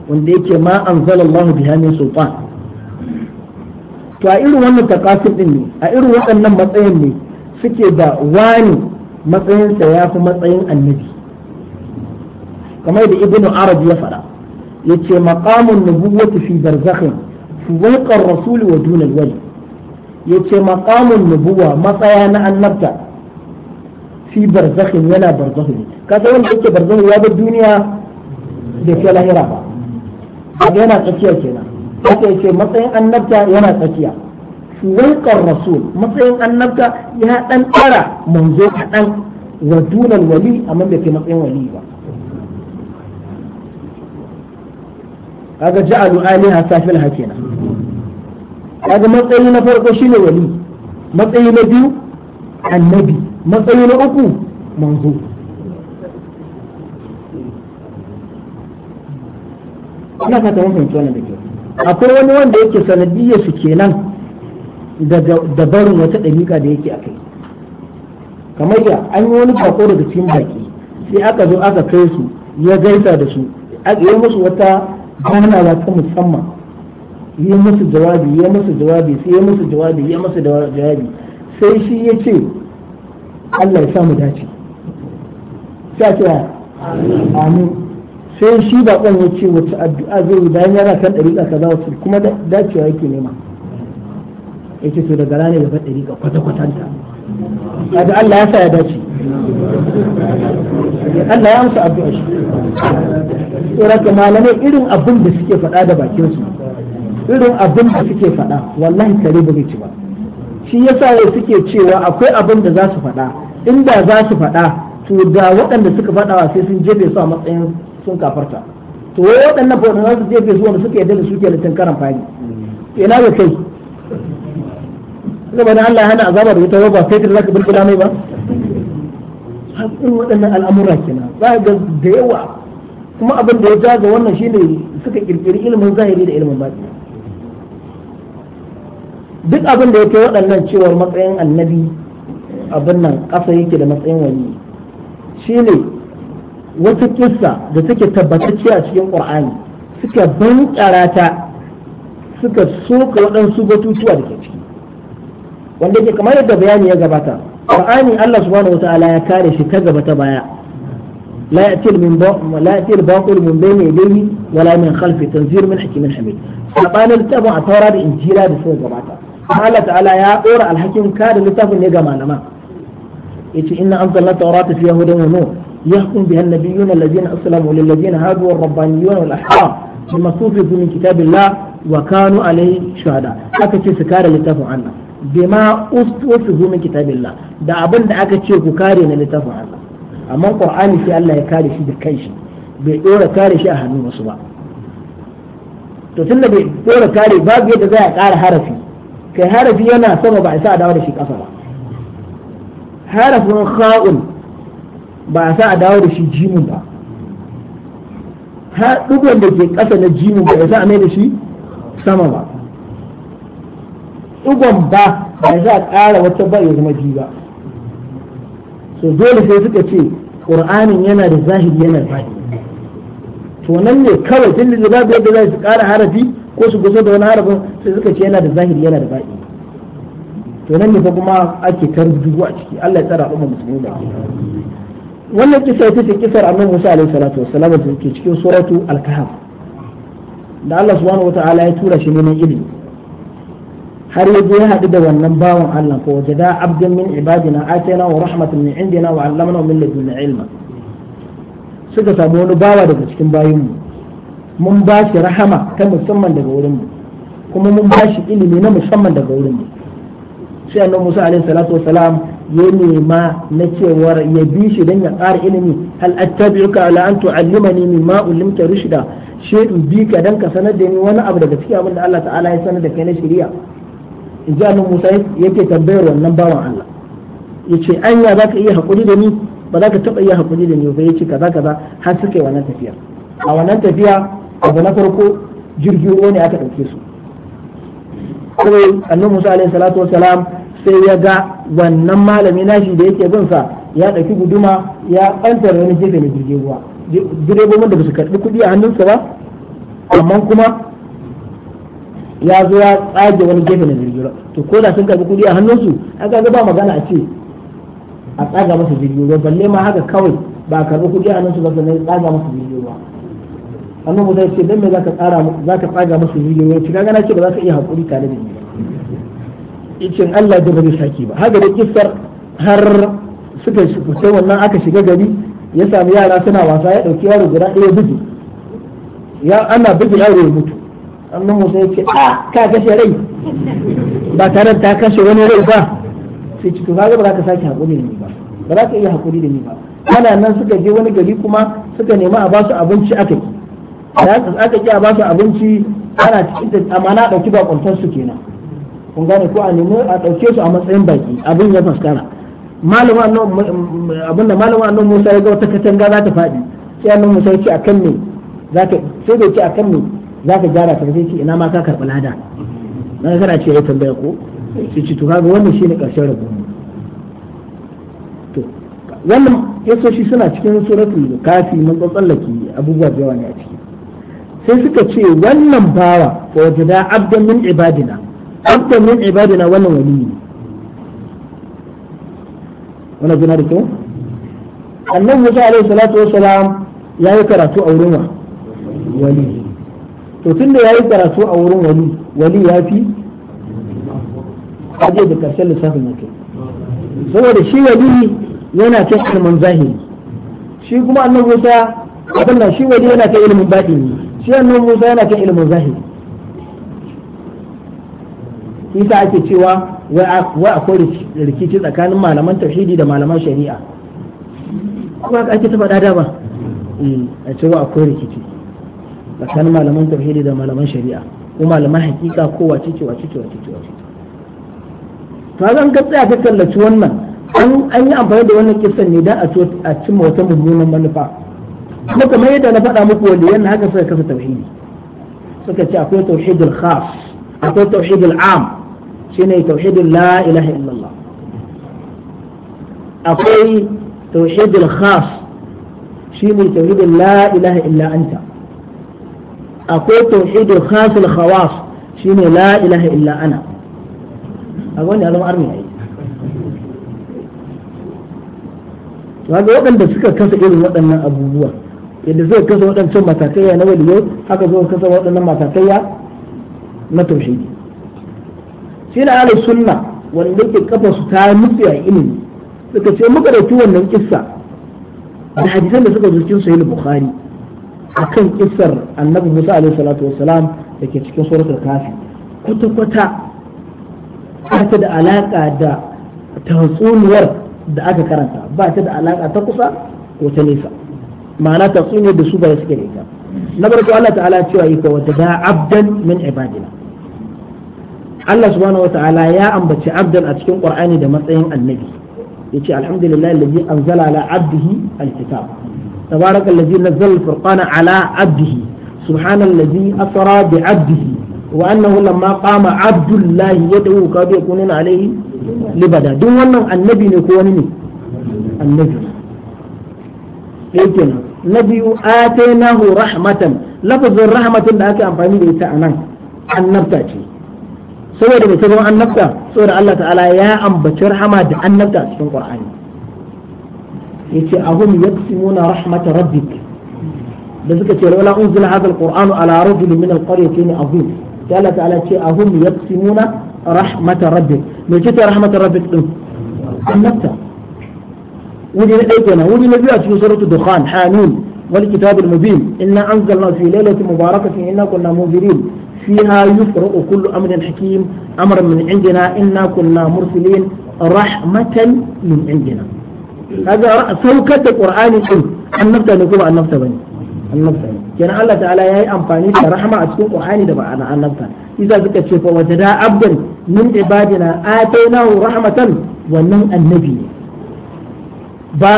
wanda yake ma an zalallahu biya min sultan to a irin wannan taƙasin ɗin ne a irin waɗannan matsayin ne suke da wani matsayinsa ya fi matsayin annabi kamar da ibnu arab ya fara yace maqamun nubuwwati fi barzakhin fuwaiqar rasul wa dunal wali yace maqamun nubuwa matsaya na annabta fi barzakhin yana barzakhin kaga wanda yake barzakhin ya bar duniya da ke lahira ba kaga yana tsakiya kenan haka yace matsayin annabta yana tsakiya fuwaiqar rasul matsayin annabta ya dan tsara manzo kadan wa dunal wali amma bai matsayin wali ba kaga ja'alu aliha safil hakina kaga matsayi na farko shine wali matsayi na biyu annabi matsayi na uku manzo ina fata mun fahimci wannan da kyau akwai wani wanda yake sanadiyya su kenan da barin wata dalika da yake akai kamar ya an yi wani bako daga cikin baki sai aka zo aka kai su ya gaisa da su a musu wata gwamna ba ta musamman yi musu jawabi ya musu jawabi sai ya musu jawabi ya musu jawabi sai shi ya ce Allah ya samu dace sai ce amin sai shi baƙon ya ce wacce addu'a zai yi bayan yana kan ɗariƙa za wasu kuma dacewa yake nema ya ce to daga rana ya faɗi ɗariƙa kwata-kwatanta kaga Allah ya sa ya dace Allah ya amsa addu'a shi tsoraka malamai irin abin da suke faɗa da bakin su irin abin da suke faɗa wallahi kare ba ci ba shi yasa ne suke cewa akwai abin da za su faɗa inda za su faɗa to da waɗanda suka wa sai sun jefe su a matsayin sun kafarta to waɗannan faɗa za su jefe su wanda suka yadda da suke ke karan fari ina da kai saboda Allah ya hana azaba da wuta ba da zaka bulbula mai ba haƙƙin waɗannan al'amura kenan ba ga da yawa kuma abin da ya jaga wannan shine suka kirkiri ilimin zahiri da ilimin batini duk abin da ya kai waɗannan cewar matsayin annabi abin nan ƙasa yake da matsayin wani shine wata kissa da take tabbatacce a cikin qur'ani suka bankara ta suka soka waɗansu batutuwa da ke ciki wanda ke kamar yadda bayani ya gabata qur'ani Allah subhanahu wataala ya kare shi ta gaba ta baya la yatil min la yatil baqul min bayni yadayhi wala min khalfi tanzir min hakimin hamid sabanin tabu a taura da injila da suka gabata Allah ta'ala ya dora alhakin kare littafin ne ga malama yace inna anzalna tawrata fiha hudan wa nur يحكم بها النبيون الذين أسلموا للذين هادوا والربانيون والأحرار بما استوفوا من كتاب الله wa kanu alai shuhada aka ce su kare littafin Allah bima ustuhu min kitabillah da abin da aka ce ku kare na littafin Allah amma qur'ani sai Allah ya kare shi da kai shi bai dora kare shi a hannun wasu ba to tunda bai dora kare babu yadda za a kara harafi kai harafi yana sama ba a sa a dawo da shi kasa ba harafin kha'un ba a sa a dawo da shi jimin ba har duk wanda ke kasa na jimin ba ya sa a mai da shi sama ba ugon ba ba za a ƙara wata ba ya zama ji ba so dole sai suka ce ƙur'anin yana da zahiri yana da zahiri to nan ne kawai tun da babu yadda za su ƙara harafi ko su gusa da wani harafin sai suka ce yana da zahiri yana da baɗi to nan ne fa kuma ake dubu a ciki Allah ya tsara umma musulmi ba wannan kisa ita ce kisar annabi Musa alaihi salatu wassalam da ke cikin suratu al-kahf da Allah subhanahu wata'ala ya tura shi neman ilimi har ya je ya haɗu da wannan bawan Allah ko wajada abdan min ibadina atayna wa rahmatan min indina wa 'allamna min ladunna ilma suka samu wani bawa daga cikin bayinmu mun ba shi rahama ta musamman daga wurinmu kuma mun ba shi ilimi na musamman daga wurinmu sai annabi Musa alaihi salatu wasalam ya nema na cewar ya bi shi don ya ƙara ilimi hal attabi'uka ala an tu'allimani mimma ullimta rushda she in bi ka dan ka sanar da ni wani abu daga cikin abin da Allah ta'ala ya sanar da kai na shari'a in ji annabi Musa yake tambayar wannan bawan Allah yace anya zaka iya hakuri da ni ba za ka taba iya hakuri da ni ba yace kaza kaza har suka yi wannan tafiya a wannan tafiya abu na farko jirgin ruwa ne aka dauke su kuma annabi Musa alaihi salatu wassalam sai ya ga wannan malami nashi da yake bin sa ya dauki guduma ya kantar wani gefe na jirgin ruwa direbobin da ba su karbi kudi a hannunsa ba amma kuma ya zo ya tsage wani gefe na jirgin to ko da sun karbi kudi a hannunsu a ga ba magana a ce a tsaga masa jirgin ruwa balle ma haka kawai ba a karɓi kudi a hannunsu ba sannan tsaga masa jirgin ruwa mu zai ce dan me zaka tsara zaka tsaga masa jirgin ruwa kaga gana ce ba za ka iya hakuri tare da ni icin Allah da ba zai saki ba haka da kissar har suka fita wannan aka shiga gari ya sami yara suna wasa ya ɗauki yaro guda ɗaya bugu ya ana bugu yaro ya mutu annan musa ya ce a ah, ka kashe rai ba tare ta kashe wani rai ba sai ci to ba za ka sake hakuri da ni ba ba za ka iya hakuri da ni ba ana nan suka je wani gari kuma suka nema a basu abinci aka ki aka ki a basu abinci ana cikin da amana a ɗauki bakuntar su kenan kun gane ko a nemi a ɗauke su a matsayin baki abin ya faskara abinda malama annon Musa ya ga wata katanga za ta faɗi sai annon Musa ya ce akan kan ne sai da ce akan za ka gyara ta sai ce ina ma ka karɓi lada ga kana ce ya yi tambaya ko sai ce to kaga wannan ne karshen rabu to wannan yasoshi suna cikin suratul kafi mun tsallake abubuwa da yawa ne a ciki sai suka ce wannan bawa ko wajada abdan min ibadina abdan min ibadina wannan waliyi wannan jina da kyau annan Musa alaihi salatu ya yi karatu a wurin wali to tunda yi karatu a wurin wali wali ya fi aje da karshen lissafin yake saboda shi wali yana kan ilimin zahiri shi kuma annan Musa abin nan shi wali yana kan ilimin batini shi annan Musa yana kan ilimin zahiri isa ake cewa wai akwai rikici tsakanin malaman tauhidi da malaman shari'a kuma ka ake taba dada ba eh, a ce wa akwai rikici tsakanin malaman tauhidi da malaman shari'a ko malaman hakika ko wace ce wace ce wace ce wace to zan ga tsaya ka kallaci wannan an yi amfani da wannan kisan ne dan a cimma wata mummunan manufa kuma kamar yadda na faɗa muku wanda yana haka suka kasa tauhidi suka ce akwai tauhidul khas akwai tauhidul am shine tauhidin la ilaha illallah akwai tauhidul khas shi ne tauhidin la ilaha illa anta akwai tauhidul khasul khawas shi ne la ilaha illa ana a wani zama armi ne waga waɗanda suka kasa irin waɗannan abubuwa yadda suka kasa waɗancan matakaiya na waliyai haka suka kasa waɗannan matakaiya na tauhidi shi na ahlus sunna wanda yake kafa su ta nutsi a ilimi suka ce muka da wannan kissa da hadisan da suka zo cikin sahih bukhari akan kissar annabi Musa alaihi salatu wassalam da ke cikin suratul kafi kwata kwata ta da alaka da tatsuniyar da aka karanta ba ta da alaka ta kusa ko ta nesa ma'ana tatsuniyar da su ba suke da ita na farko Allah ta'ala cewa yi ka wata da abdan min ibadina Allah subhanahu ta'ala ya ambaci abdan a cikin qur'ani da matsayin annabi yace alhamdulillah alladhi anzala ala abdihi alkitab tabaraka alladhi nazzala alfurqana ala abdihi subhana alladhi asra bi abdihi wa annahu lamma qama abdullah yad'u ka bi kununa alayhi libada duk wannan annabi ne ko wani ne annabi yake na biyu atainahu rahmatan lafazin rahmatan da ake amfani da ita anan annabta ce saboda mai ta zama annabta saboda Allah ta'ala ya ambaci rahama da annabta a cikin Qur'ani yace ahum yaqsimuna rahmat rabbik da suka ce laula unzila hadha alquran ala rajul min alqaryatayn azim ta Allah ta'ala ce ahum yaqsimuna rahmat rabbik me ce ta rahmat rabbik din annabta wuri na ɗaya kenan wuri na biyu a cikin suratul dukhan hanun والكتاب المبين إنا أنزلنا في ليلة مباركة إنا كنا منذرين فيها يفرق كل أمر حكيم أمر من عندنا إنا كنا مرسلين رحمة من عندنا هذا سوكة القرآن أن نبتة نقول أن نبتة بني أن نبتة كان الله تعالى يأي أمفاني رحمة أتكون قرآن دبا أن نبتة إذا ذكرت شفا وجدا عبدا من عبادنا آتيناه رحمة ونم النبي با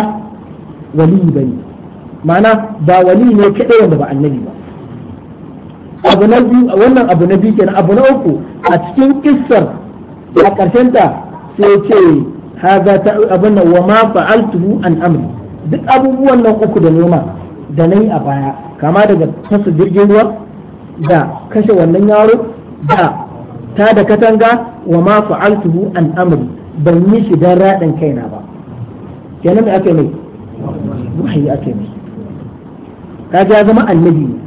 ولي بني ma'ana ba wali ne kaɗai wanda ba annabi ba abu na biyu wannan abu na biyu kenan abu na uku a cikin kissar a ƙarshen ta sai ce haza ta abin nan wa ma fa'altuhu an amri duk abubuwan nan uku da noma da na yi a baya kama daga fasa jirgin ruwa da kashe wannan yaro da ta da katanga wa ma fa'altuhu an amri ban yi shi don raɗin kaina ba kenan me ake mai wahayi ake mai kaga ya zama annabi ne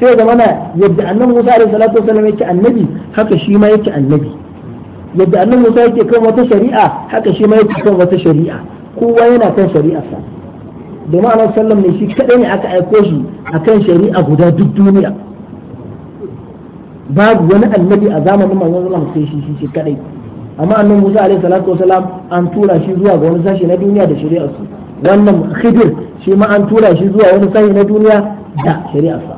sai ya zama yadda annan Musa alaihi salatu wasallam yake annabi haka shi ma yake annabi yadda annan Musa yake kan wata shari'a haka shi ma yake kan wata shari'a kowa yana kan shari'arsa domin annabi sallam ne shi kadai ne aka aiko shi akan shari'a guda duk duniya babu wani annabi a zamanin manzon Allah sai shi shi kadai amma annabi Musa alaihi salatu wasallam an tura shi zuwa ga wani sashi na duniya da shari'ar su. wannan khidir shi ma an tura shi zuwa wani sanyi na duniya da shari'arsa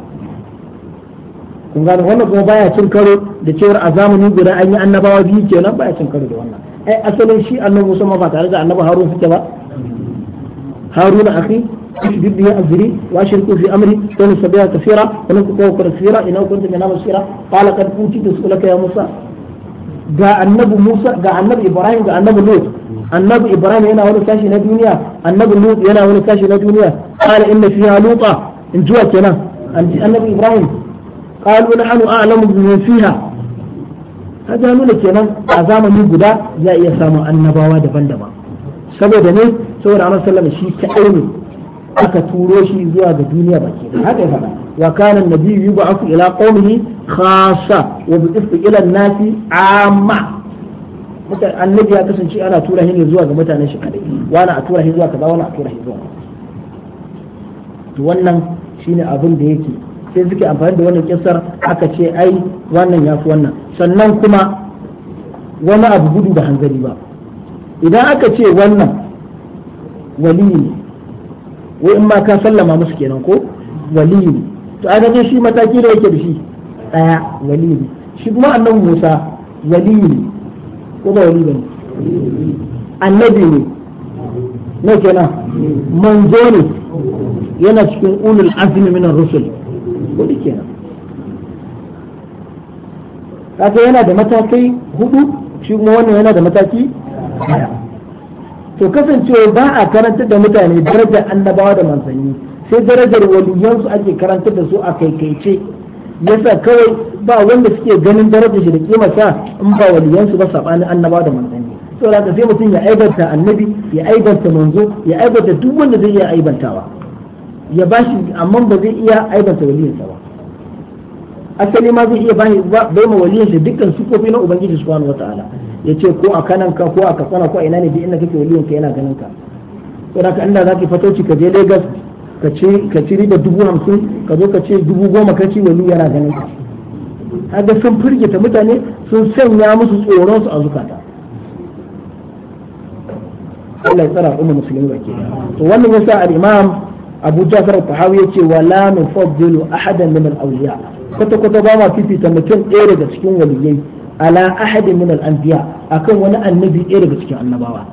kun gane wannan kuma baya cin karo da cewar a zamanin guda an yi annabawa biyu kenan baya cin karo da wannan ai asalin shi annabi Musa ma ba tare da annabi Harun suke ba Haruna akhi اشدد به أزري وأشركه في أمري ونسبيها كثيرا ونذكره كثيرا Ina كنت من بصيرا قال قد أوتيت سؤلك يا موسى جاء النبي Musa. Ga النبي Ibrahim جاء النبي لوط annabi ibrahim yana wani sashi na duniya annabi lut yana wani sashi na duniya qala inna fiha luqa in zuwa kenan annabi ibrahim qalu nahnu a'lamu biman fiha kaga nuna kenan a zamani guda ya iya samun annabawa daban-daban saboda ne saboda annabi sallallahu alaihi shi kadai ne aka turo shi zuwa ga duniya baki da haka ya faɗa wa kana nabiyyu yub'athu ila qaumihi khassa wa bi'ithu ila an-nasi amma mutane annabi ya kasance ana tura shi ne zuwa ga mutanen shi kadai wani a tura shi zuwa kaza wani a tura shi zuwa to wannan shine abin da yake sai suke amfani da wannan kissar aka ce ai wannan ya fi wannan sannan kuma wani abu gudu da hanzari ba idan aka ce wannan wali ne wai in ma ka sallama musu kenan ko wali ne to a ce shi mataki da yake da shi daya wali ne shi kuma annabi Musa wali ne ko ba wani bane annabi ne ne kena manzo ne yana cikin ulul azmi min ar-rusul ko kenan kaka yana da matakai hudu shi kuma wannan yana da mataki to kasancewa ba a karantar da mutane darajar annabawa da manzanni sai darajar waliyansu ake karantar da su a kaikaice yasa kawai ba wanda suke ganin darajar shi da sa in ba waliyansu ba sabanin annaba da manzanni to sai mutum ya aibanta annabi ya aibanta manzo ya aibanta duk wanda zai iya aibantawa ya bashi amma ba zai iya aibanta waliyansa ba asali ma zai iya bani bai ma waliyan shi dukkan sufofi na ubangiji subhanahu wataala yace ko a kanan ka ko a kasana ko a ina ne bi inda kake waliyan yana ganin ka da ka inda zaki fatoci ka je Lagos ka ci riba dubu hamsin ka zo ka ce dubu goma ka ci wani yana ganin ka kaga sun firgita mutane sun sanya musu tsoron su a zukata Allah ya tsara umma musulmi baki to wannan yasa al-imam Abu Ja'far al-Tahawi yace wala nufaddilu ahadan min al-awliya kwata kwata ba ma fifita mutum ɗaya daga cikin waliyai ala ahadin min al-anbiya akan wani annabi ɗaya daga cikin annabawa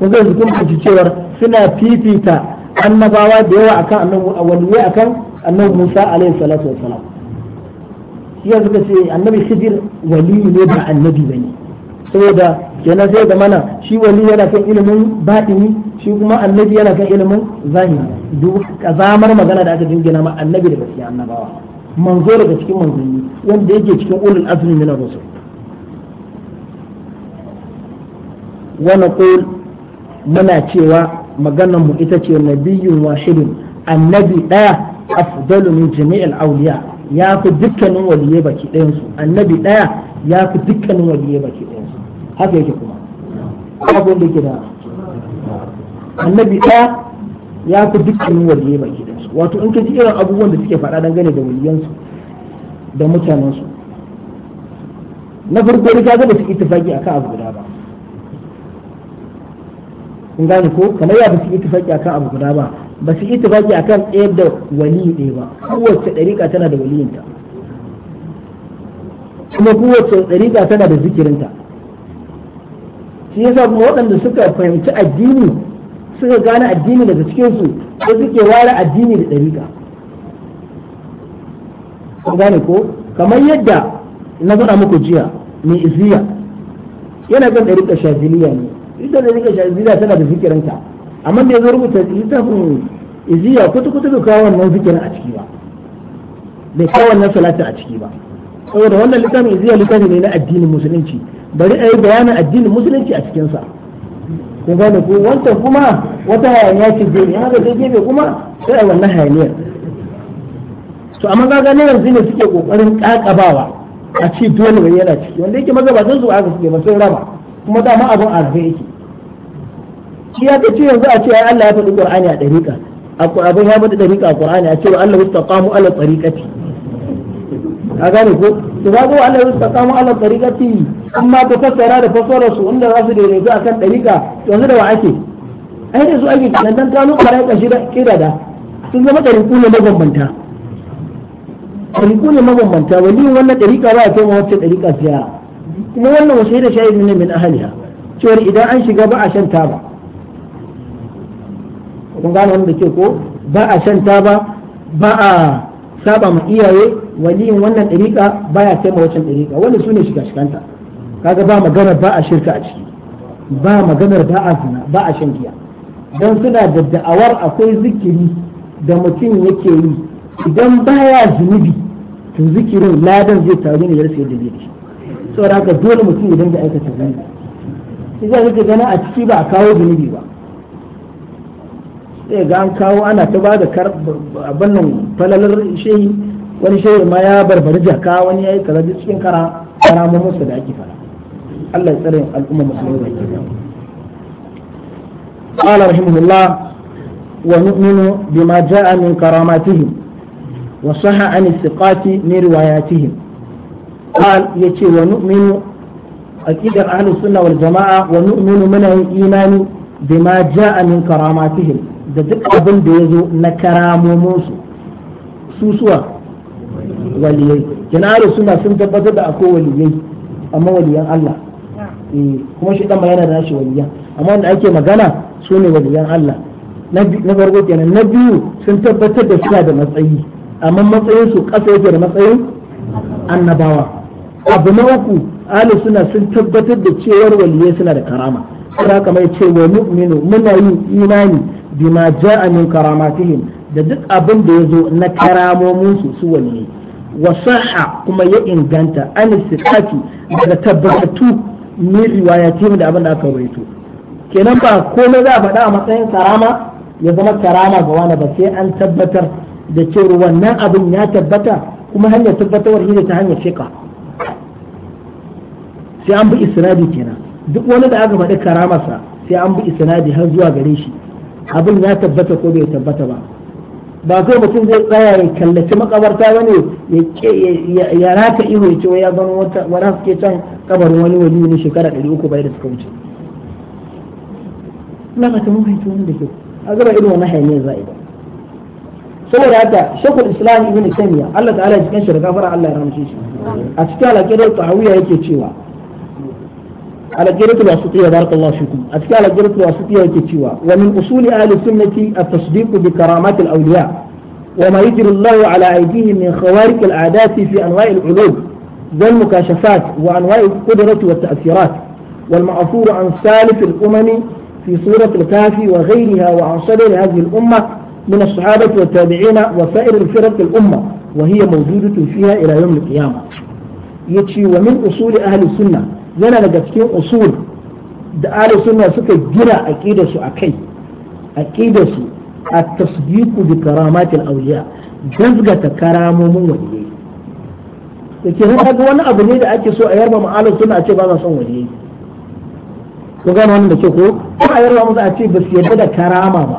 kun ga yanzu kun fahimci cewa suna fifita annabawa da yawa akan annabi a akan annabi Musa alaihi salatu salam shi ya ka ce annabi shidir wali ne ba annabi ba ne. saboda kenan sai da mana shi wali yana kan ilimin baɗini shi kuma annabi yana kan ilimin zahiri duk kazamar magana da aka jingina ma annabi a cikin annabawa manzo daga cikin manzanni wanda yake cikin ulul azmi min ar-rusul wa naqul muna cewa maganar mu ita ce nabiyyun wahidun annabi daya afdalu min jami'il awliya ya fi dukkanin waliyai baki ɗayan su annabi daya ya fi dukkanin waliyai baki ɗayan su haka yake kuma abin da ke da annabi daya ya fi dukkanin waliyai baki ɗayan su wato in ka ji irin abubuwan da suke faɗa dangane da waliyansu da mutanensu na farko da kaga ba su ittifaki akan abu guda ba kun gane ko kamar ya fi su ittifaki akan abu guda ba ba su ittifaki akan ɗaya da wali ne ba kowace ɗariƙa tana da waliyinta kuma kowace ɗariƙa tana da zikirinta shi yasa kuma waɗanda suka fahimci addini suka gane addini daga cikin su ko suke ware addini da ɗariƙa kun gane ko kamar yadda na faɗa muku jiya mai iziya yana kan ɗariƙa shaziliya ne ita da rika shaziya tana da fikirinta amma da ya zo rubuta littafin iziya kuta-kuta bai kawo wannan fikirin a ciki ba bai kawo wannan salatin a ciki ba saboda wannan littafin iziya littafi ne na addinin musulunci bari a yi bayanin addinin musulunci a cikinsa ko gane ko wancan kuma wata hayaniya ce gefe haka sai gefe kuma sai a wannan hayaniyar to amma ga ne yanzu ne suke kokarin kakabawa a ce dole bai yana ciki wanda yake zuwa su aka suke ba sai rama kuma dama abin arfe yake shi ya ce yanzu a ce Allah ya faɗi Qur'ani a dariƙa abin ya faɗi dariƙa a Qur'ani a ce wa Allah ƙamu ala tariqati a gane ko to ga wa Allah ƙamu ala tariqati amma ka fassara da fassarar su inda za su a kan dariƙa to yanzu da wa ake ai da su ake nan dan kano karai kashi da kirada sun zama dariƙu ne mabambanta dariƙu ne mabambanta wani wannan ɗariƙa ba ya kai ma wacce ɗariƙa fiya kuma wannan wasu da shahidin ne min ahaliya cewar idan an shiga ba a shan taba kun gane wanda ke ko ba a shan taba ba a saba ma iyaye waliyin wannan ɗariƙa ya taimaka wancan ɗariƙa wanda su ne shiga shiganta kaga ba magana ba a shirka a ciki ba maganar ba a zina ba a shan giya don suna da da'awar akwai zikiri da mutum yake yi idan baya zunubi to zikirin ladan zai taru ne ya rasa yadda zai saboda haka dole mutum idan da aikata zunubi idan kake gana a ciki ba a kawo zunubi ba sai ga an kawo ana ta ba da abin nan falalar shehi wani shehi ma ya barbari jaka wani ya yi kaza cikin kara karamin musu da ake fara Allah ya tsare al'umma musulmi da ke قال رحمه الله ونؤمن بما جاء من كراماتهم وصح عن الثقات من رواياتهم قال يتي ونؤمن أكيد أهل السنة والجماعة ونؤمن من الإيمان بما جاء من كراماتهم da duk abin da ya zo na karamominsu susuwa waliyai janaru suna sun tabbatar da akwai waliyai amma waliyan Allah kuma shi dan yana da nashi waliyan amma wanda ake magana su ne waliyan Allah na farko kenan na biyu sun tabbatar da suna da matsayi amma matsayin su kasa yake da matsayin annabawa abu na uku ahli suna sun tabbatar da cewar waliyai suna da karama sai haka mai ce wa mu'minu muna yin imani bima ja'a min karamatihim da duk abin da yazo na karamomin su su waliyai wa sahha kuma ya inganta an sifati daga tabbatattu min riwayatihim da abin da aka rawaito kenan ba komai za a faɗa a matsayin karama ya zama karama ga wani ba sai an tabbatar da cewar wannan abin ya tabbata kuma hanyar tabbatarwar shi ta hanyar shika sai an bi isnadi kenan duk wani da aka faɗi karamarsa sai an bi isnadi har zuwa gare shi abin ya tabbata ko bai tabbata ba ba kai mutum zai tsaya ya kallaci makabarta bane ya raka ihu ya ce ya gano wata wani suke can kabarin wani wani ne shekara 300 bai da suka wuce na ka tamu haito da ke a gaba irin wani hayaniya za'i ba saboda haka shekul islam ibn taymiya Allah ta'ala ya cikin shi da gafara Allah ya ramshe shi a cikin alaƙidar ta'awiyya yake cewa على الجرة الوسطية بارك الله فيكم أتكي على الجرة الوسطية كتشوا ومن أصول أهل السنة التصديق بكرامات الأولياء وما يجري الله على أيديهم من خوارق العادات في أنواع العلوم والمكاشفات وأنواع القدرة والتأثيرات والمعفور عن سالف الأمم في سورة الكافي وغيرها وعن صدر هذه الأمة من الصحابة والتابعين وسائر الفرق الأمة وهي موجودة فيها إلى يوم القيامة يتشي ومن أصول أهل السنة yana daga cikin usul da ahli sunna suka gina aqidar a kai aqidar a tasbiku tasdiqu bi karamatil awliya gazgata karamomin waliyai yake hu ga wani abu ne da ake so a yarba ma ahli a ce ba za son waliyai ko gano wannan da ke ko ko a yarba musu a ce ba su yarda da karama ba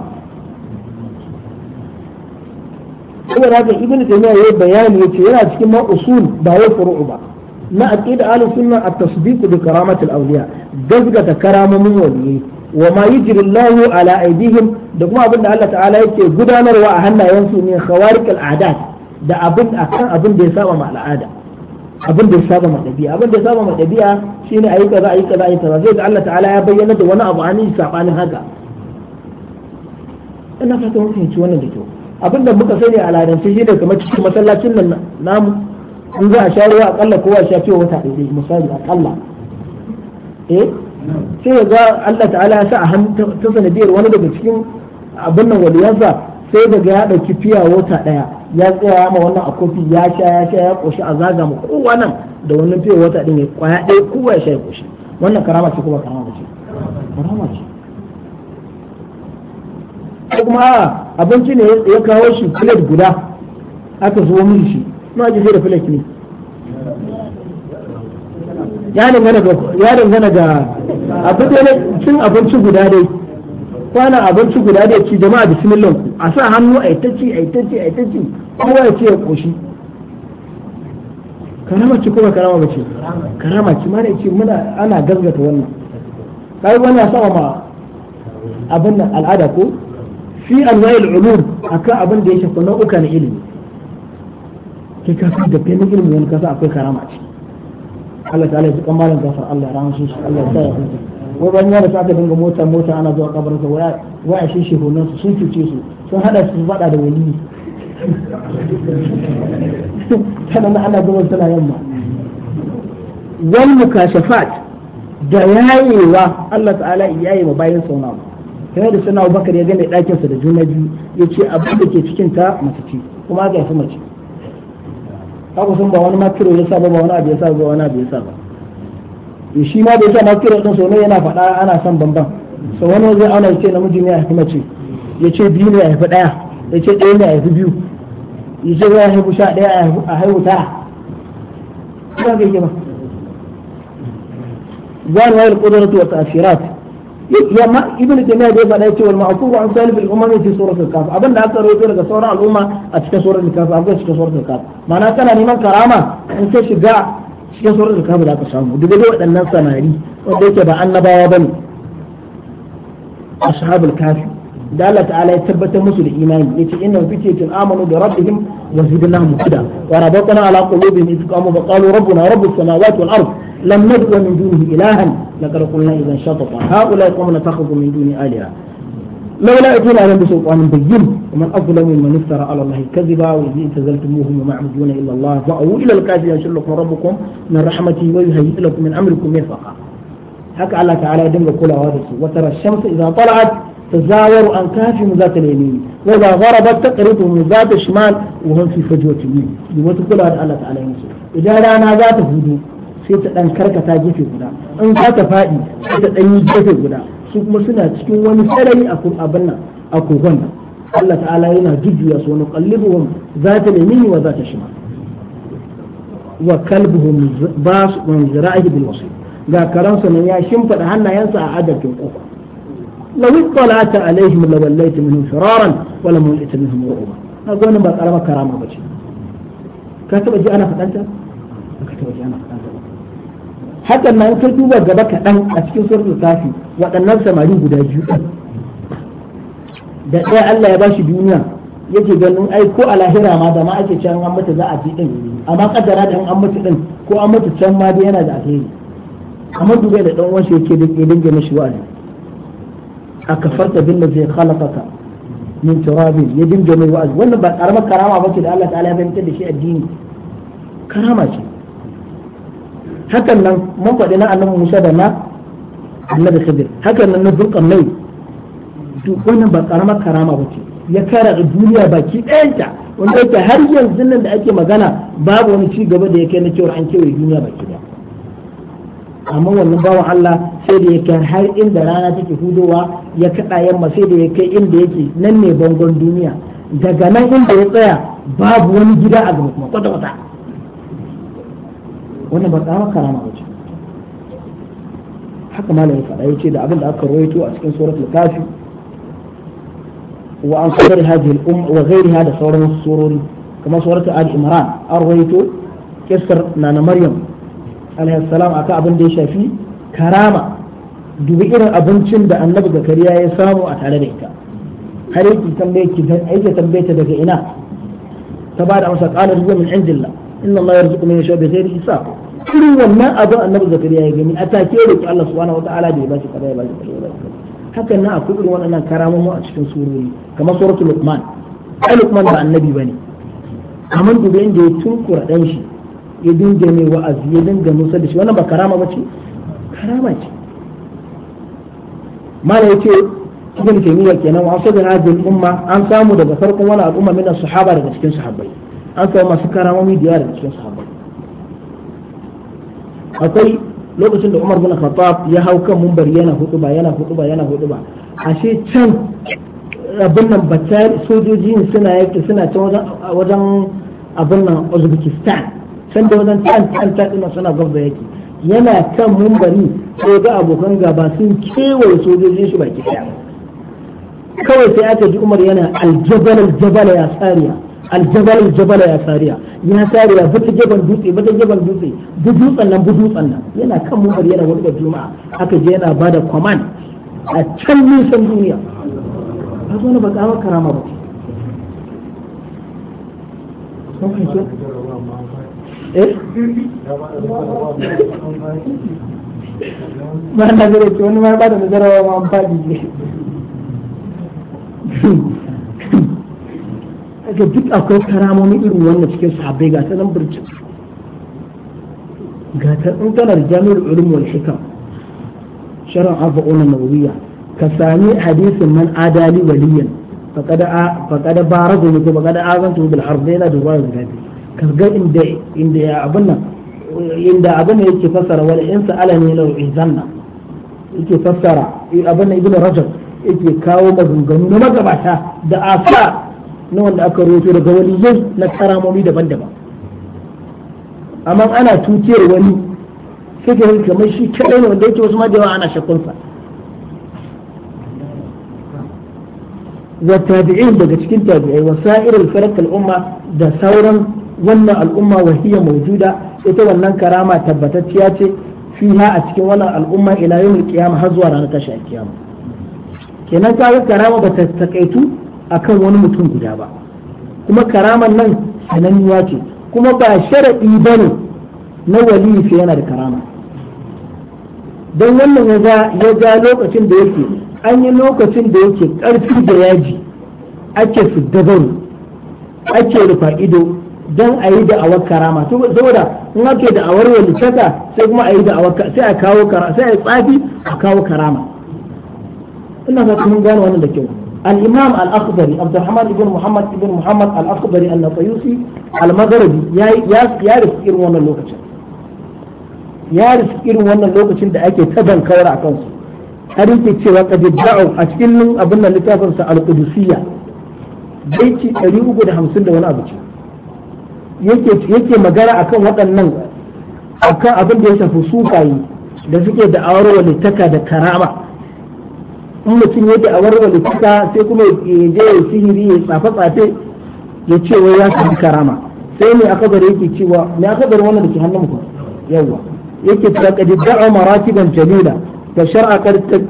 saboda haka ibnu taymiya yayi bayani yace yana cikin ma usul ba wai furu'u ba na aqida ahlus sunna at-tasdiq bi karamati al-awliya ta karamomin waliyyi wa ma yajri Allahu ala aidihim da kuma abin da Allah ta'ala yake gudanarwa a hannayen su ne khawariq al-adat da abin akan abin da ya saba ma al'ada abin da ya saba ma dabi'a abin da ya saba ma dabi'a shine ayi kaza ayi kaza ayi kaza sai da Allah ta'ala ya bayyana da wani abu ani sabanin haka ina fata mun fahimci wannan da kyau abin da muka sani a ladance shine kamar cikin masallacin nan namu in za a sha ruwa akalla kowa sha fiye wata ɗaya misali akalla eh sai ya ga Allah ta'ala ya sa a hannu ta sanadiyar wani daga cikin abin nan waliyarsa sai daga ya ɗauki fiya wata ɗaya ya tsaya ma wannan a kofi ya sha ya sha ya ƙoshi a zaga ma kowa nan da wannan fiye wata ɗaya ya kwaya ɗaya kowa ya sha ya ƙoshi wannan karama ce kuma karama ce karama ce ko kuma abinci ne ya kawo shi plate guda aka zo mishi ma jizira fil ismi ya ya dangana ga abin da cin abinci guda dai kwana abinci guda dai ci jama'a bismillah ku a sa hannu a ita ci a ita ci a ita ci kowa ya ce ya koshi karama ce ko ba karama ba ce karama ce mara ce muna ana gazgata wannan kai wannan sama ma abin al'ada ko fi anwa'il ulum akan abin da ya shafi nau'uka na ilimi kai ka san da kai ilimin wani kasa akwai karama ce Allah ta'ala ya kan malam gafar Allah ya rahama shi Allah ya ya huta wai ban yana sa aka dinga mota mota ana zuwa kabarin sa waya waya shi shi honon su sun cuce su sun hada su fada da wani na ana gaba tana yamma wal mukashafat da yayewa Allah ta'ala ya yi ma bayan sauna kamar da sanawa Abubakar ya gane ɗakinsa da juna biyu ya ce abin da ke cikinta mace ce kuma aka yi mace haka sun ba wani makiro ya sa ba wani abu ya sa ba wani abu ya sa ba eh, shi ma da makiro ɗin sau yana faɗa ana son bamban sau wani zai auna ya ce namiji ne a haifi mace ya ce biyu ne a haifi ɗaya ya ce ɗaya ne a haifi biyu ya ce ya haifi sha ɗaya a haihu tara ba ga yi ba zanwar wa yamma ibnu taymiya bai faɗa cewa ma'qulu an salif al-umam fi suratul kaf abin da aka rawaito daga sauran al'umma a cikin suratul kaf akwai cikin suratul kaf ma'ana kana neman karama in ka shiga cikin suratul kaf da aka samu duk da waɗannan sanari wanda yake ba annabawa bane ashabul kafi da Allah ta'ala ya tabbatar musu da imani yace innahum fitiyatun amanu bi rabbihim wa zidnahum huda wa rabatna ala qulubihim idh qamu fa qalu rabbuna rabbus samawati wal ardh لم ندعو من دونه إلها لقد قلنا إذا شططا هؤلاء قوم نتخذ من دون آلهة لولا أتينا لهم بسلطان بين ومن أظلم ممن افترى على الله كذبا وإذ اعتزلتموهم وما يعبدون إلا الله فأووا إلى الكافر يشر لكم ربكم من رحمته ويهيئ لكم من أمركم مرفقا هكا الله تعالى يدم كل وارثه وترى الشمس إذا طلعت تزاور عن كافهم ذات اليمين وإذا غربت من ذات الشمال وهم في فجوة اليمين لما تقول هذا الله تعالى ينصر إذا أنا ذات هدوء sai ta dan karkata gefe guda in za ta faɗi sai ta dan yi gefe guda su kuma suna cikin wani sarari a abin nan a kogon nan Allah ta'ala yana jujjuya su wani kallibuhum za ta nemi wa za ta shima wa kalbuhum ba su man zira'i bil wasil ga karansa nan ya shimfida hannayensa a adakin kofa law ittala'ta alaihim lawallaita minhum firaran wa lam yu'ta minhum ru'uba kaga wannan ba karamar karama bace ka taba ji ana fadanta ka taba ji ana fadanta hakan nan kai duba gaba kaɗan a cikin suratul kafi waɗannan samari guda biyu da ɗaya Allah ya ba shi duniya yake ganin ai ko a lahira ma da ma ake can an mutu za a fi ɗin amma kaddara da an mutu ɗin ko an mutu can ma dai yana da alheri amma dubai da ɗan wanshi yake dake dinga mishi wa'azi bin bil ladzi khalaqaka min turabin ya dinga mai wa'azi wannan ba karamar karama bace da Allah ta'ala ya fahimtar da shi addini karama ce hakan nan mun faɗi na annabi Musa da na annabi Khidir hakan nan na burkan mai to wannan ba karama karama ba ce ya kara duniya baki ɗayanta wanda yake har yanzu nan da ake magana babu wani ci gaba da ya kai na cewa an kewaye duniya baki ɗaya amma wannan bawan Allah sai da ya kai har inda rana take hudowa ya kaɗa yamma sai da ya kai inda yake nan ne bangon duniya daga nan inda ya tsaya babu wani gida a gaba kuma kwata-kwata wannan ba karamar karama ba ce haka malamin faɗa ya ce da abin da aka rawaito a cikin suratul kafi wa an sadar hadhihi al-umma wa ghayriha da sauran surori kamar suratul ali imran an rawaito kissar nana maryam alaihi salam akan abin da ya shafi karama dubi irin abincin da annabi da kariya ya samu a tare da ita har yake tambaye ki dan aike tambaye ta daga ina ta bada masa qala rizqu min indillah inna allaha yarzuqu man yasha'u bi ghairi hisab irin wannan abin annabi zakariya ya gani a take ya roki Allah subhanahu wataala bai bashi kaza ya bashi kaza ya bashi hakan na akwai irin waɗannan karamomo a cikin surori kamar suratul luqman ai luqman ba annabi bane amma duba inda ya tunkura dan shi ya dinga mai wa'azi ya dinga musa da shi wannan ba karama ba ce karama ce mala yace ibn taymiya kenan wa asad hadhihi umma an samu daga farkon wani al'umma min sahaba daga cikin sahabbai an samu masu karamomi da yara daga cikin sahabbai akwai lokacin da Umar bin Khattab ya hau kan mumbar yana ba yana ba yana ba ashe can abin nan battalion sojoji suna yake suna can wajen abin nan Uzbekistan can da wajen can can tan ina suna gwabza yake yana kan mumbari sai ga abokan gaba sun kewaye sojojin shi baki daya kawai sai aka ji Umar yana aljabal aljabal ya tsariya aljabal jabala ya sariya ya sariya bata jaban dutse bata jaban dutse bu dutsen nan bu dutsen nan yana kan mumbar yana wadda juma'a aka je yana bada command a can nisan duniya ba zo na karama ba eh? ba na ce kaga duk akwai karamomi irin wannan cikin sahabbai ga ta nan burjin ga ta in kana da jami'ar ulum wal hikam sharan afa ulum ka sami hadisin man adali waliyan faqad faqad baradu ne ko faqad azantu bil harb na da ruwaya guda biyu kaga inda inda abin nan inda abin nan yake fassara wal insa alani law izanna yake fassara abin nan ibnu rajab yake kawo maganganu na magabata da asa na wanda aka rawaito daga yau na karamomi daban-daban amma ana tutiyar wani sai ka kamar shi kadai ne wanda yake wasu ma yawa ana shakunsa والتابعين daga cikin tabi'ai wa sa'irul farq al'umma umma da sauran wannan al'umma wa maujuda ita wannan karama tabbatacciya ce fiha a cikin wannan al'umma ila yawmil kiyama har zuwa ranar tashi kiyama kenan ta karama ba ta takaitu akan wani mutum guda ba kuma karaman nan sananniya ce kuma ba sharaɗi ba ne na wali sai yana da karama don wannan ya ga lokacin da yake an yi lokacin da yake ƙarfi da yaji ake su dabaru ake rufa ido don a yi da'awar karama saboda in ake da'awar walitaka sai kuma a yi da'awar sai a kawo karama sai a tsafi a kawo karama ina fata mun gane wannan da kyau الإمام الأخضري عبد الرحمن بن محمد بن محمد الأخضري النطيوسي المغربي يعرف إيرون وانا لوكتشن يعرف إيرون وانا لوكتشن أكي تبن كورا كونسو har yake cewa ka jidda'u a cikin abin nan littafin sa al-qudusiyya baiti 350 da wani abu ce yake magana akan waɗannan akan abin da ya shafi sufayi da suke da littaka da karama in mutum yake a warware kuka sai kuma ya je ya sihiri ya tsafa tsafe ya ce wai ya samu karama sai ne akabar yake cewa me akabar wannan da ke hannun ku yawa yake ta kadi da'a maratiban jamila ta shar'a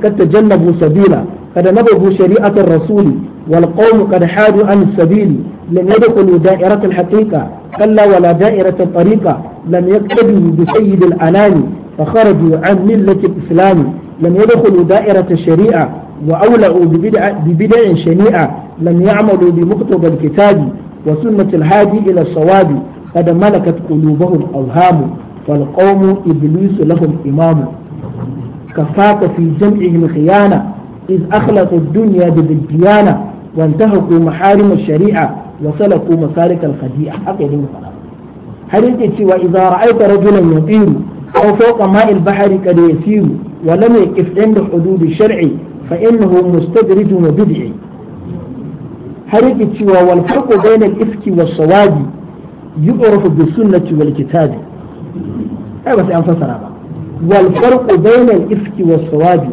kad tajannabu sabila kad nabahu shari'atar rasuli wal qawm kad hadu an sabili lam yadkhulu da'irat al haqiqa kalla wala da'irat al tariqa lam yaqtadu bi sayyid al anani فخرجوا عن ملة الإسلام لم يدخلوا دائرة الشريعة وأولأوا ببدع شنيعة لم يعملوا بمقتضى الكتاب وسنة الهادي إلى الصواب قد ملكت قلوبهم أوهام والقوم إبليس لهم إمام كفاك في جمعهم خيانة إذ أخلقوا الدنيا بالديانة وانتهكوا محارم الشريعة وسلكوا مسالك الخديعة أقل هل أنت وإذا رأيت رجلا يطير أو فوق ماء البحر قد يسير ولم يقف عند حدود الشرع فإنه مستدرج وبدعي حريك تشوى والفرق بين الإفك والصواب يعرف بالسنة والكتاب أي بس أنفسنا والفرق بين الإفك والصواب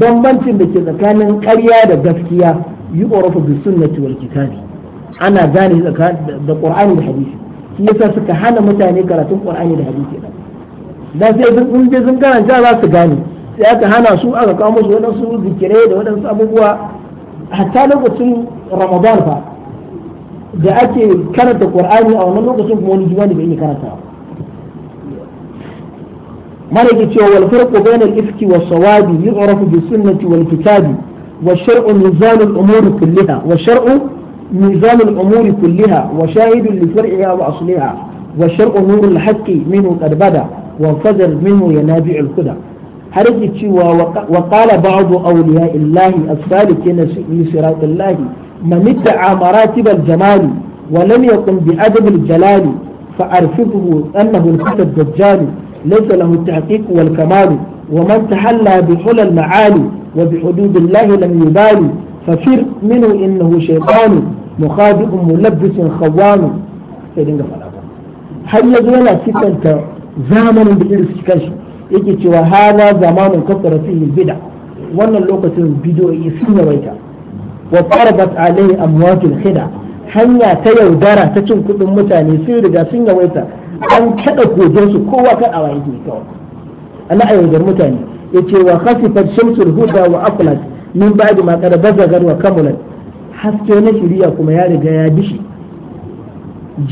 bambancin da ke tsakanin karya da gaskiya yi ƙorafa bi sunnati wal kitabi ana gane da qur'ani da yasa suka hana mutane karatun qur'ani da hadisi da sai sun je sun karanta za su gane sai aka hana su aka kawo musu waɗansu zikirai da waɗansu abubuwa hatta lokacin ramadan fa da ake karanta qur'ani a wannan lokacin kuma wani juma ne bai yi karanta mana ke cewa wal farqu bainal ifki was sawabi yu'rafu bi sunnati wal kitabi wa shar'u mizan al umuri kullaha wa shar'u mizan al umuri kullaha wa shahidun li far'iha wa asliha wa shar'u nurul haqqi minhu qad bada wa fajar minhu yanabi'u al huda har yi cewa wa kala ba'adu auliya illahi a salike na sirakun lahi manita a maratibar jamali wa lam bi adabil jalali fa arfifuhu annahu al-fatad dajjal laysa lahu at-tahqiq wal kamal wa man tahalla bi hulal ma'ali wa bi hudud allahi lam yubali fa fir minhu innahu shaytan mukhadi'un mulabbisun khawan sai dinga fada har yanzu yana cikanta zamanin da irin cikin yake cewa hada zamanin kafara fihi bid'a wannan lokacin bid'o'i sun yawaita wa tarabat alaihi amwatul khida hanya ta yaudara ta cin kudin mutane sun riga sun yawaita an kada kojin su kowa kan a waye kawai ana ayyaudar mutane yace wa khasifat shamsul huda wa aflat min ba'di ma qad bazagar wa kamulat haske na shiriya kuma ya riga ya bishi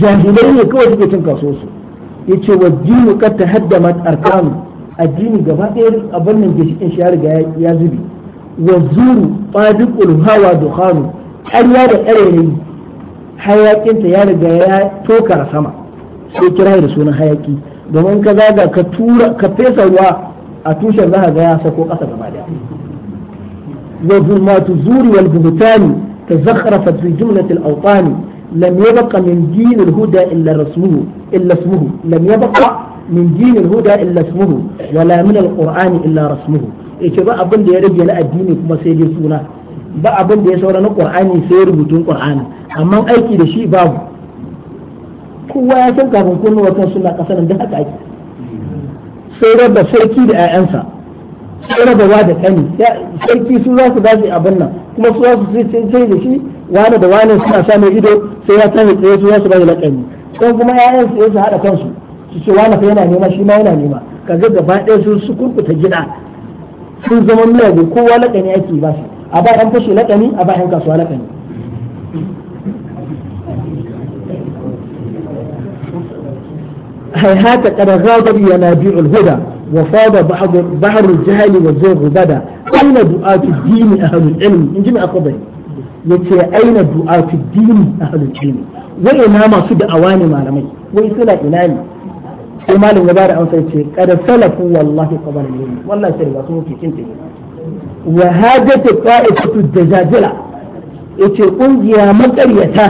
jahilai ne kawai suke cin kaso su yace wa dinu qad tahaddamat arkanu addini gaba ɗaya abin nan gishikin shi ya riga ya zubi wa zuru fadiqul hawa dukhanu ƙarya da ne hayaƙinta ya riga ya tokar sama sai kira da sunan hayaƙi domin ka zaga ka tura ka fesa ruwa a tushen za ga ya sako ƙasa gaba daya wa zulmatu zuri wal buhtani ta fi jumlat al awtani lam yabqa min din huda illa rasmuhu illa ismuhu lam yabqa min dinil huda illa ismuhu wala min alqur'ani illa rasmuhu yace ba abin da ya rage na addini kuma sai dai suna ba abin da ya saura na qur'ani sai rubutun qur'ani amma aiki da shi babu kowa ya san kafin kunna wata suna kasar da haka ake sai raba sarki da 'ya'yansa sai rabawa da kani sarki su za su ba su abin nan kuma su za su sai da shi wani da wani suna samun ido sai ya sami tsaye su za su ba da lakani don kuma 'ya'yansu ya su haɗa kansu su ce wani fa yana nema shi ma yana nema kaga gaba ɗaya sun su kurkuta gida sun zama miyagu kowa laƙani ake ba su a ba ɗan fashe laƙani a ba ɗan kasuwa laƙani هيهات قد غاضب ينابيع الهدى وفاض بحر الجهل والزور بدا أين دعاة الدين أهل العلم إن جمع قبل يتي أين دعاة الدين أهل العلم وإنما سد أواني معلمي وإسلا إلاني sai malam ya ba da amsa ce kada salafu wallahi qabala al-yawm wallahi sai ba su muke kinta wa hadatu qa'idatu dajajila yace kungiya maƙaryata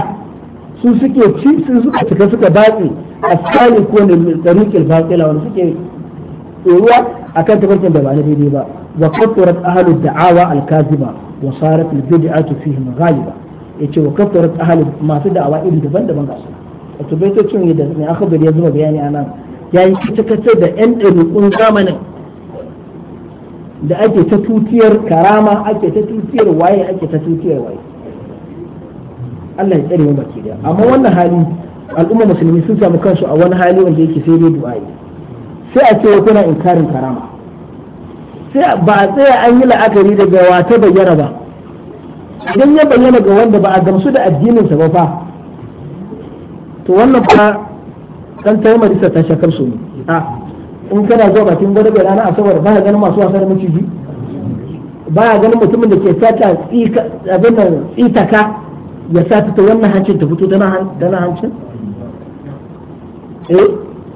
su suke ci su suka cika suka batsi asali ko ne min tariqil batila wanda suke ruwa akan tafarkin da ba na daidai ba wa qatarat ahlu da'awa al-kaziba wa sarat al-bid'atu fihim ghaliba yace wa qatarat ahlu masu da'awa irin daban-daban ga su wato baitocin da ne akhbar ya zuma bayani anan ya yi kace da 'yan ɗabi'un zamanin da ake ta tutiyar karama ake ta tutiyar waye ake ta tutiyar waye Allah ya tsare mu baki da amma wannan hali al'umma musulmi sun samu kansu a wani hali wanda yake sai dai du'a'i sai a ce kuna inkarin karama sai ba a tsaya an yi la'akari daga wata bayyana ba idan ya bayyana ga wanda ba a gamsu da addininsa ba fa to wannan fa dan tayi marisa ta shakar su ne a in kana zuwa bakin gwada bai rana asabar ba ganin masu wasa da maciji ba ya ganin mutumin da ke sata abin nan itaka ya sata ta wannan hancin ta fito da na hancin eh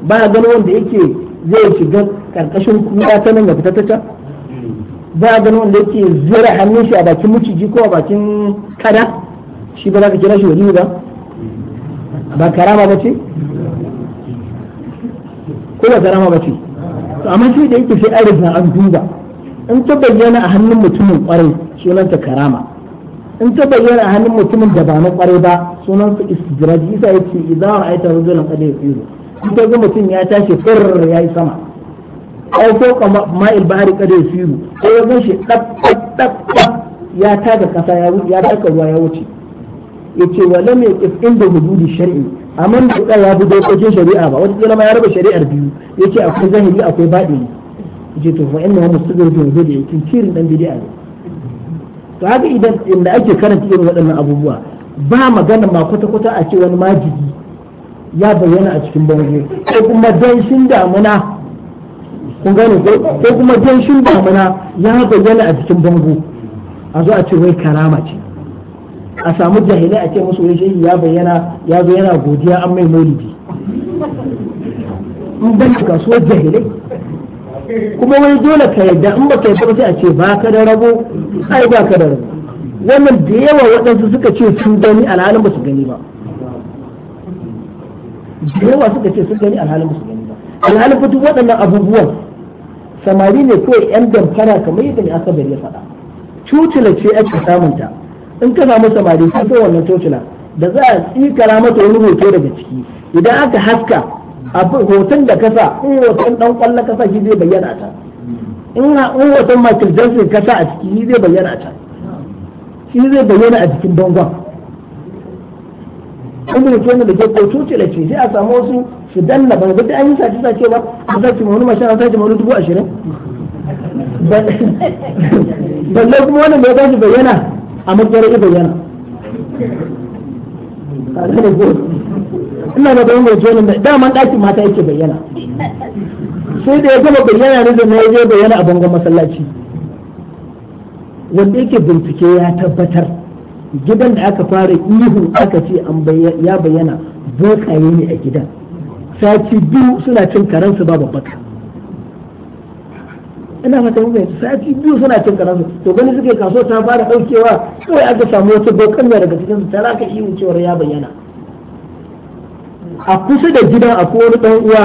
ba ya ganin wanda yake zai shiga karkashin kuma ta nan ga fita ta can ba ya ganin wanda yake zira hannun shi a bakin maciji ko a bakin kada shi ba za ka kira shi wani ba ba karama ba ce ko ba rama ba ce to amma shi da yake sai an riga an duba in ta bayyana a hannun mutumin kwarai sunanta karama in ta bayyana a hannun mutumin da ba na kwarai ba sunanta istidraj isa yace idan ra'aita rajulan qad yusiru in ta ga mutum ya tashi fur yayi sama aw ko ma'il bahari qad yusiru ko ya gan shi dab dab dab ya taga kasa ya ya taka ruwa ya wuce yace wala mai qif inda hududi shar'i amma da tsaya ya bi dokokin shari'a ba wani kila ma ya raba shari'ar biyu yace akwai zahiri akwai baɗini yace to fa inna mustadirun bi da yake cirin dan bid'a ne to haka idan inda ake karanta irin waɗannan abubuwa ba magana ma kwata-kwata a ce wani majigi ya bayyana a cikin bango ko kuma danshin damuna kun gane ko ko kuma danshin damuna ya bayyana a cikin bango a zo a ce wai karama ce a samu jahilai a ce musu wai shehi ya bayyana ya zo yana godiya an mai maulidi in ban kasuwar jahilai kuma wani dole ka yadda in baka yadda sai a ce ba ka da rabo ai ba ka da rabo wannan da yawa waɗansu suka ce sun gani alhalin ba su gani ba da yawa suka ce sun gani alhalin ba su gani ba alhalin fitu waɗannan abubuwan samari ne kawai yan damfara kamar yadda ne aka bari ya faɗa cutula ce ake samunta in ka samu samari sun so wannan tocila da za a tsikara mata wani hoto daga ciki idan aka haska a hoton da kasa in hoton dan kwallon kasa shi zai bayyana ta in hoton Michael Johnson kasa a ciki shi zai bayyana ta shi zai bayyana a cikin bangon in da kenan da ke ko tocila ce sai a samu wasu su danna ba da an yi sace sace ba a sace wani mashin a sace wani dubu ashirin balle kuma wannan bai tashi bayyana a matsayar ido yana ina da bayan gwaje nan da daman ɗakin mata yake bayyana sai da ya gama bayyana ne da na ya bayyana a bangon masallaci wanda yake bincike ya tabbatar gidan da aka fara ihu aka ce ya bayyana bokaye ne a gidan sati biyu suna cin karansu babu baka. ina mata mun sati biyu suna cin karansu to gani suke kasuwa ta fara daukewa kawai aka samu wata bokanya daga cikin su ta raka ihu cewar ya bayyana a kusa da gidan akwai wani dan uwa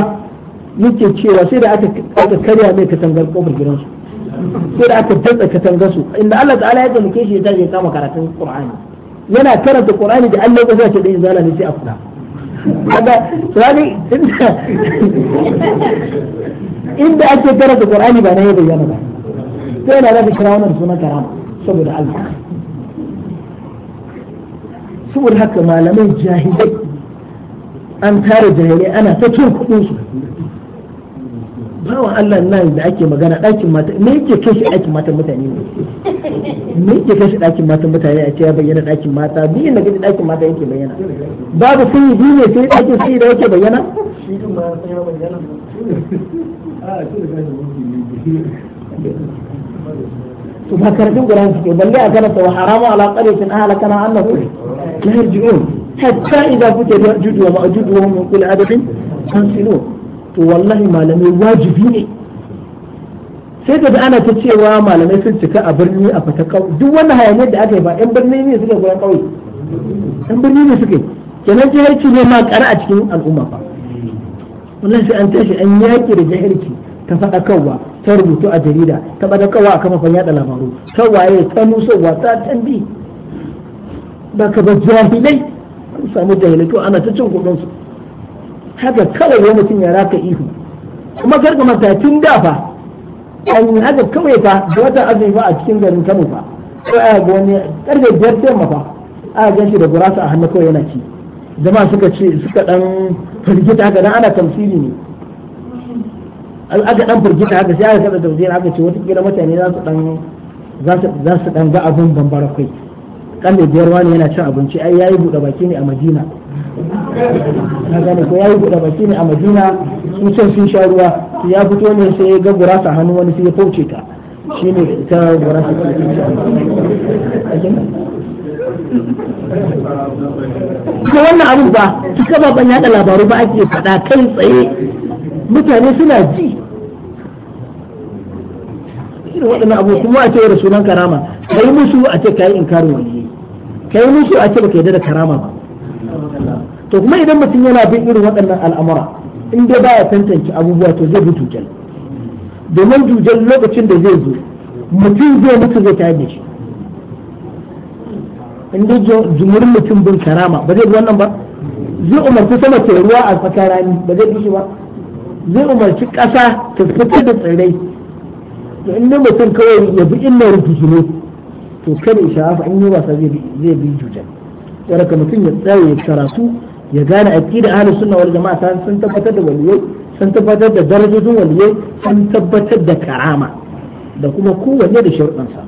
yake cewa sai da aka karya mai katangar kofar gidansu sai da aka tantsa katangar su inda Allah ta'ala ya taimake shi ya je kama karatun Qur'ani yana karanta Qur'ani da Allah ya sace da izala ne sai a kula. kaga tsani inda ake da qur'ani ba na ya bayyana ba sai da zaka kira wannan sunan karama saboda Allah saboda haka malamai jahilai an tara jahilai ana ta cin kuɗin su bawan Allah nan da ake magana ɗakin mata me yake kai shi ɗakin mata mutane ne me yake kai shi ɗakin mata mutane a ce ya bayyana ɗakin mata biyu na gaji ɗakin mata yake bayyana babu sun yi ne sai ɗakin sai da yake bayyana to ba karatun Qur'ani suke balle a karanta wa haramu ala qaryatin ahlakana annahu la yarji'un hatta idza futiha judu wa ma'judu wa min kulli adabin tansilu to wallahi malamai wajibi ne sai ka ana ta cewa malamai sun cika a birni a fatakau duk wani hayaniyar da aka yi ba yan birni ne suke gudan kauye yan birni ne suke kenan jihar ne ma kara a cikin al'umma ba wannan sai an tashi an yaki da jahilci ta faɗakarwa ta rubutu a jarida ta faɗakarwa a kafafen yada labaru ta waye ta nusowa ta tambi ba ka ba jahilai an samu jahilai to ana ta cin kuɗinsu haka kawai wani mutum ya raka ihu kuma karka mata tun da fa an yi haka kawai fa da wata azumi a cikin garin Kano fa ko a ga wani karfe biyar sai a ga shi da gurasa a hannu kawai yana ci zama suka ce suka dan firgita haka dan ana tamsiri ne aka dan firgita haka sai aka kada tafsiri aka ce wata kila mutane za su dan za su dan ga abun bambara kai kan da biyar wani yana cin abinci ai yayi bude baki ne a Madina na gane ko yayi bude baki ne a Madina su can sun sha ruwa ya fito ne sai ya ga gurasa hannu wani sai ya fauce ta shine ta gurasa ta kuma wannan abu ba su kaba ban yada labaru ba ake faɗa kai tsaye mutane suna ji irin waɗannan abu kuma a ce da sunan karama kai musu a ce kai karo wani kai musu a ce baka yi da karama ba to kuma idan mutum yana bin irin waɗannan al'amura in dai ya tantance abubuwa to zai bi tujal domin tujal lokacin da zai zo mutum zai mutu zai tayar da shi in dai jumurin mutum bin karama ba zai bi wannan ba zai umarci sama ta ruwa a tsakar rani ba zai bi shi ba zai umarci kasa ta fitar da tsirrai to in dai mutum kawai ya bi illa rubutu ne to kada ya sha'afa in yi wasa zai bi jujan wadda mutum ya tsaye ya karatu ya gane aqida ahlus sunna wal jama'a ta sun tabbatar da waliyai sun tabbatar da darajojin waliyai sun tabbatar da karama da kuma kowanne da sa.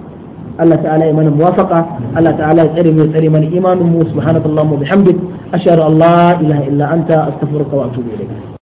Allah ta'ala ya mana muwafaqa Allah ta'ala ya tsare mu tsare mana imanin mu subhanakallahumma bihamdik ashhadu an la ilaha illa anta astaghfiruka wa atubu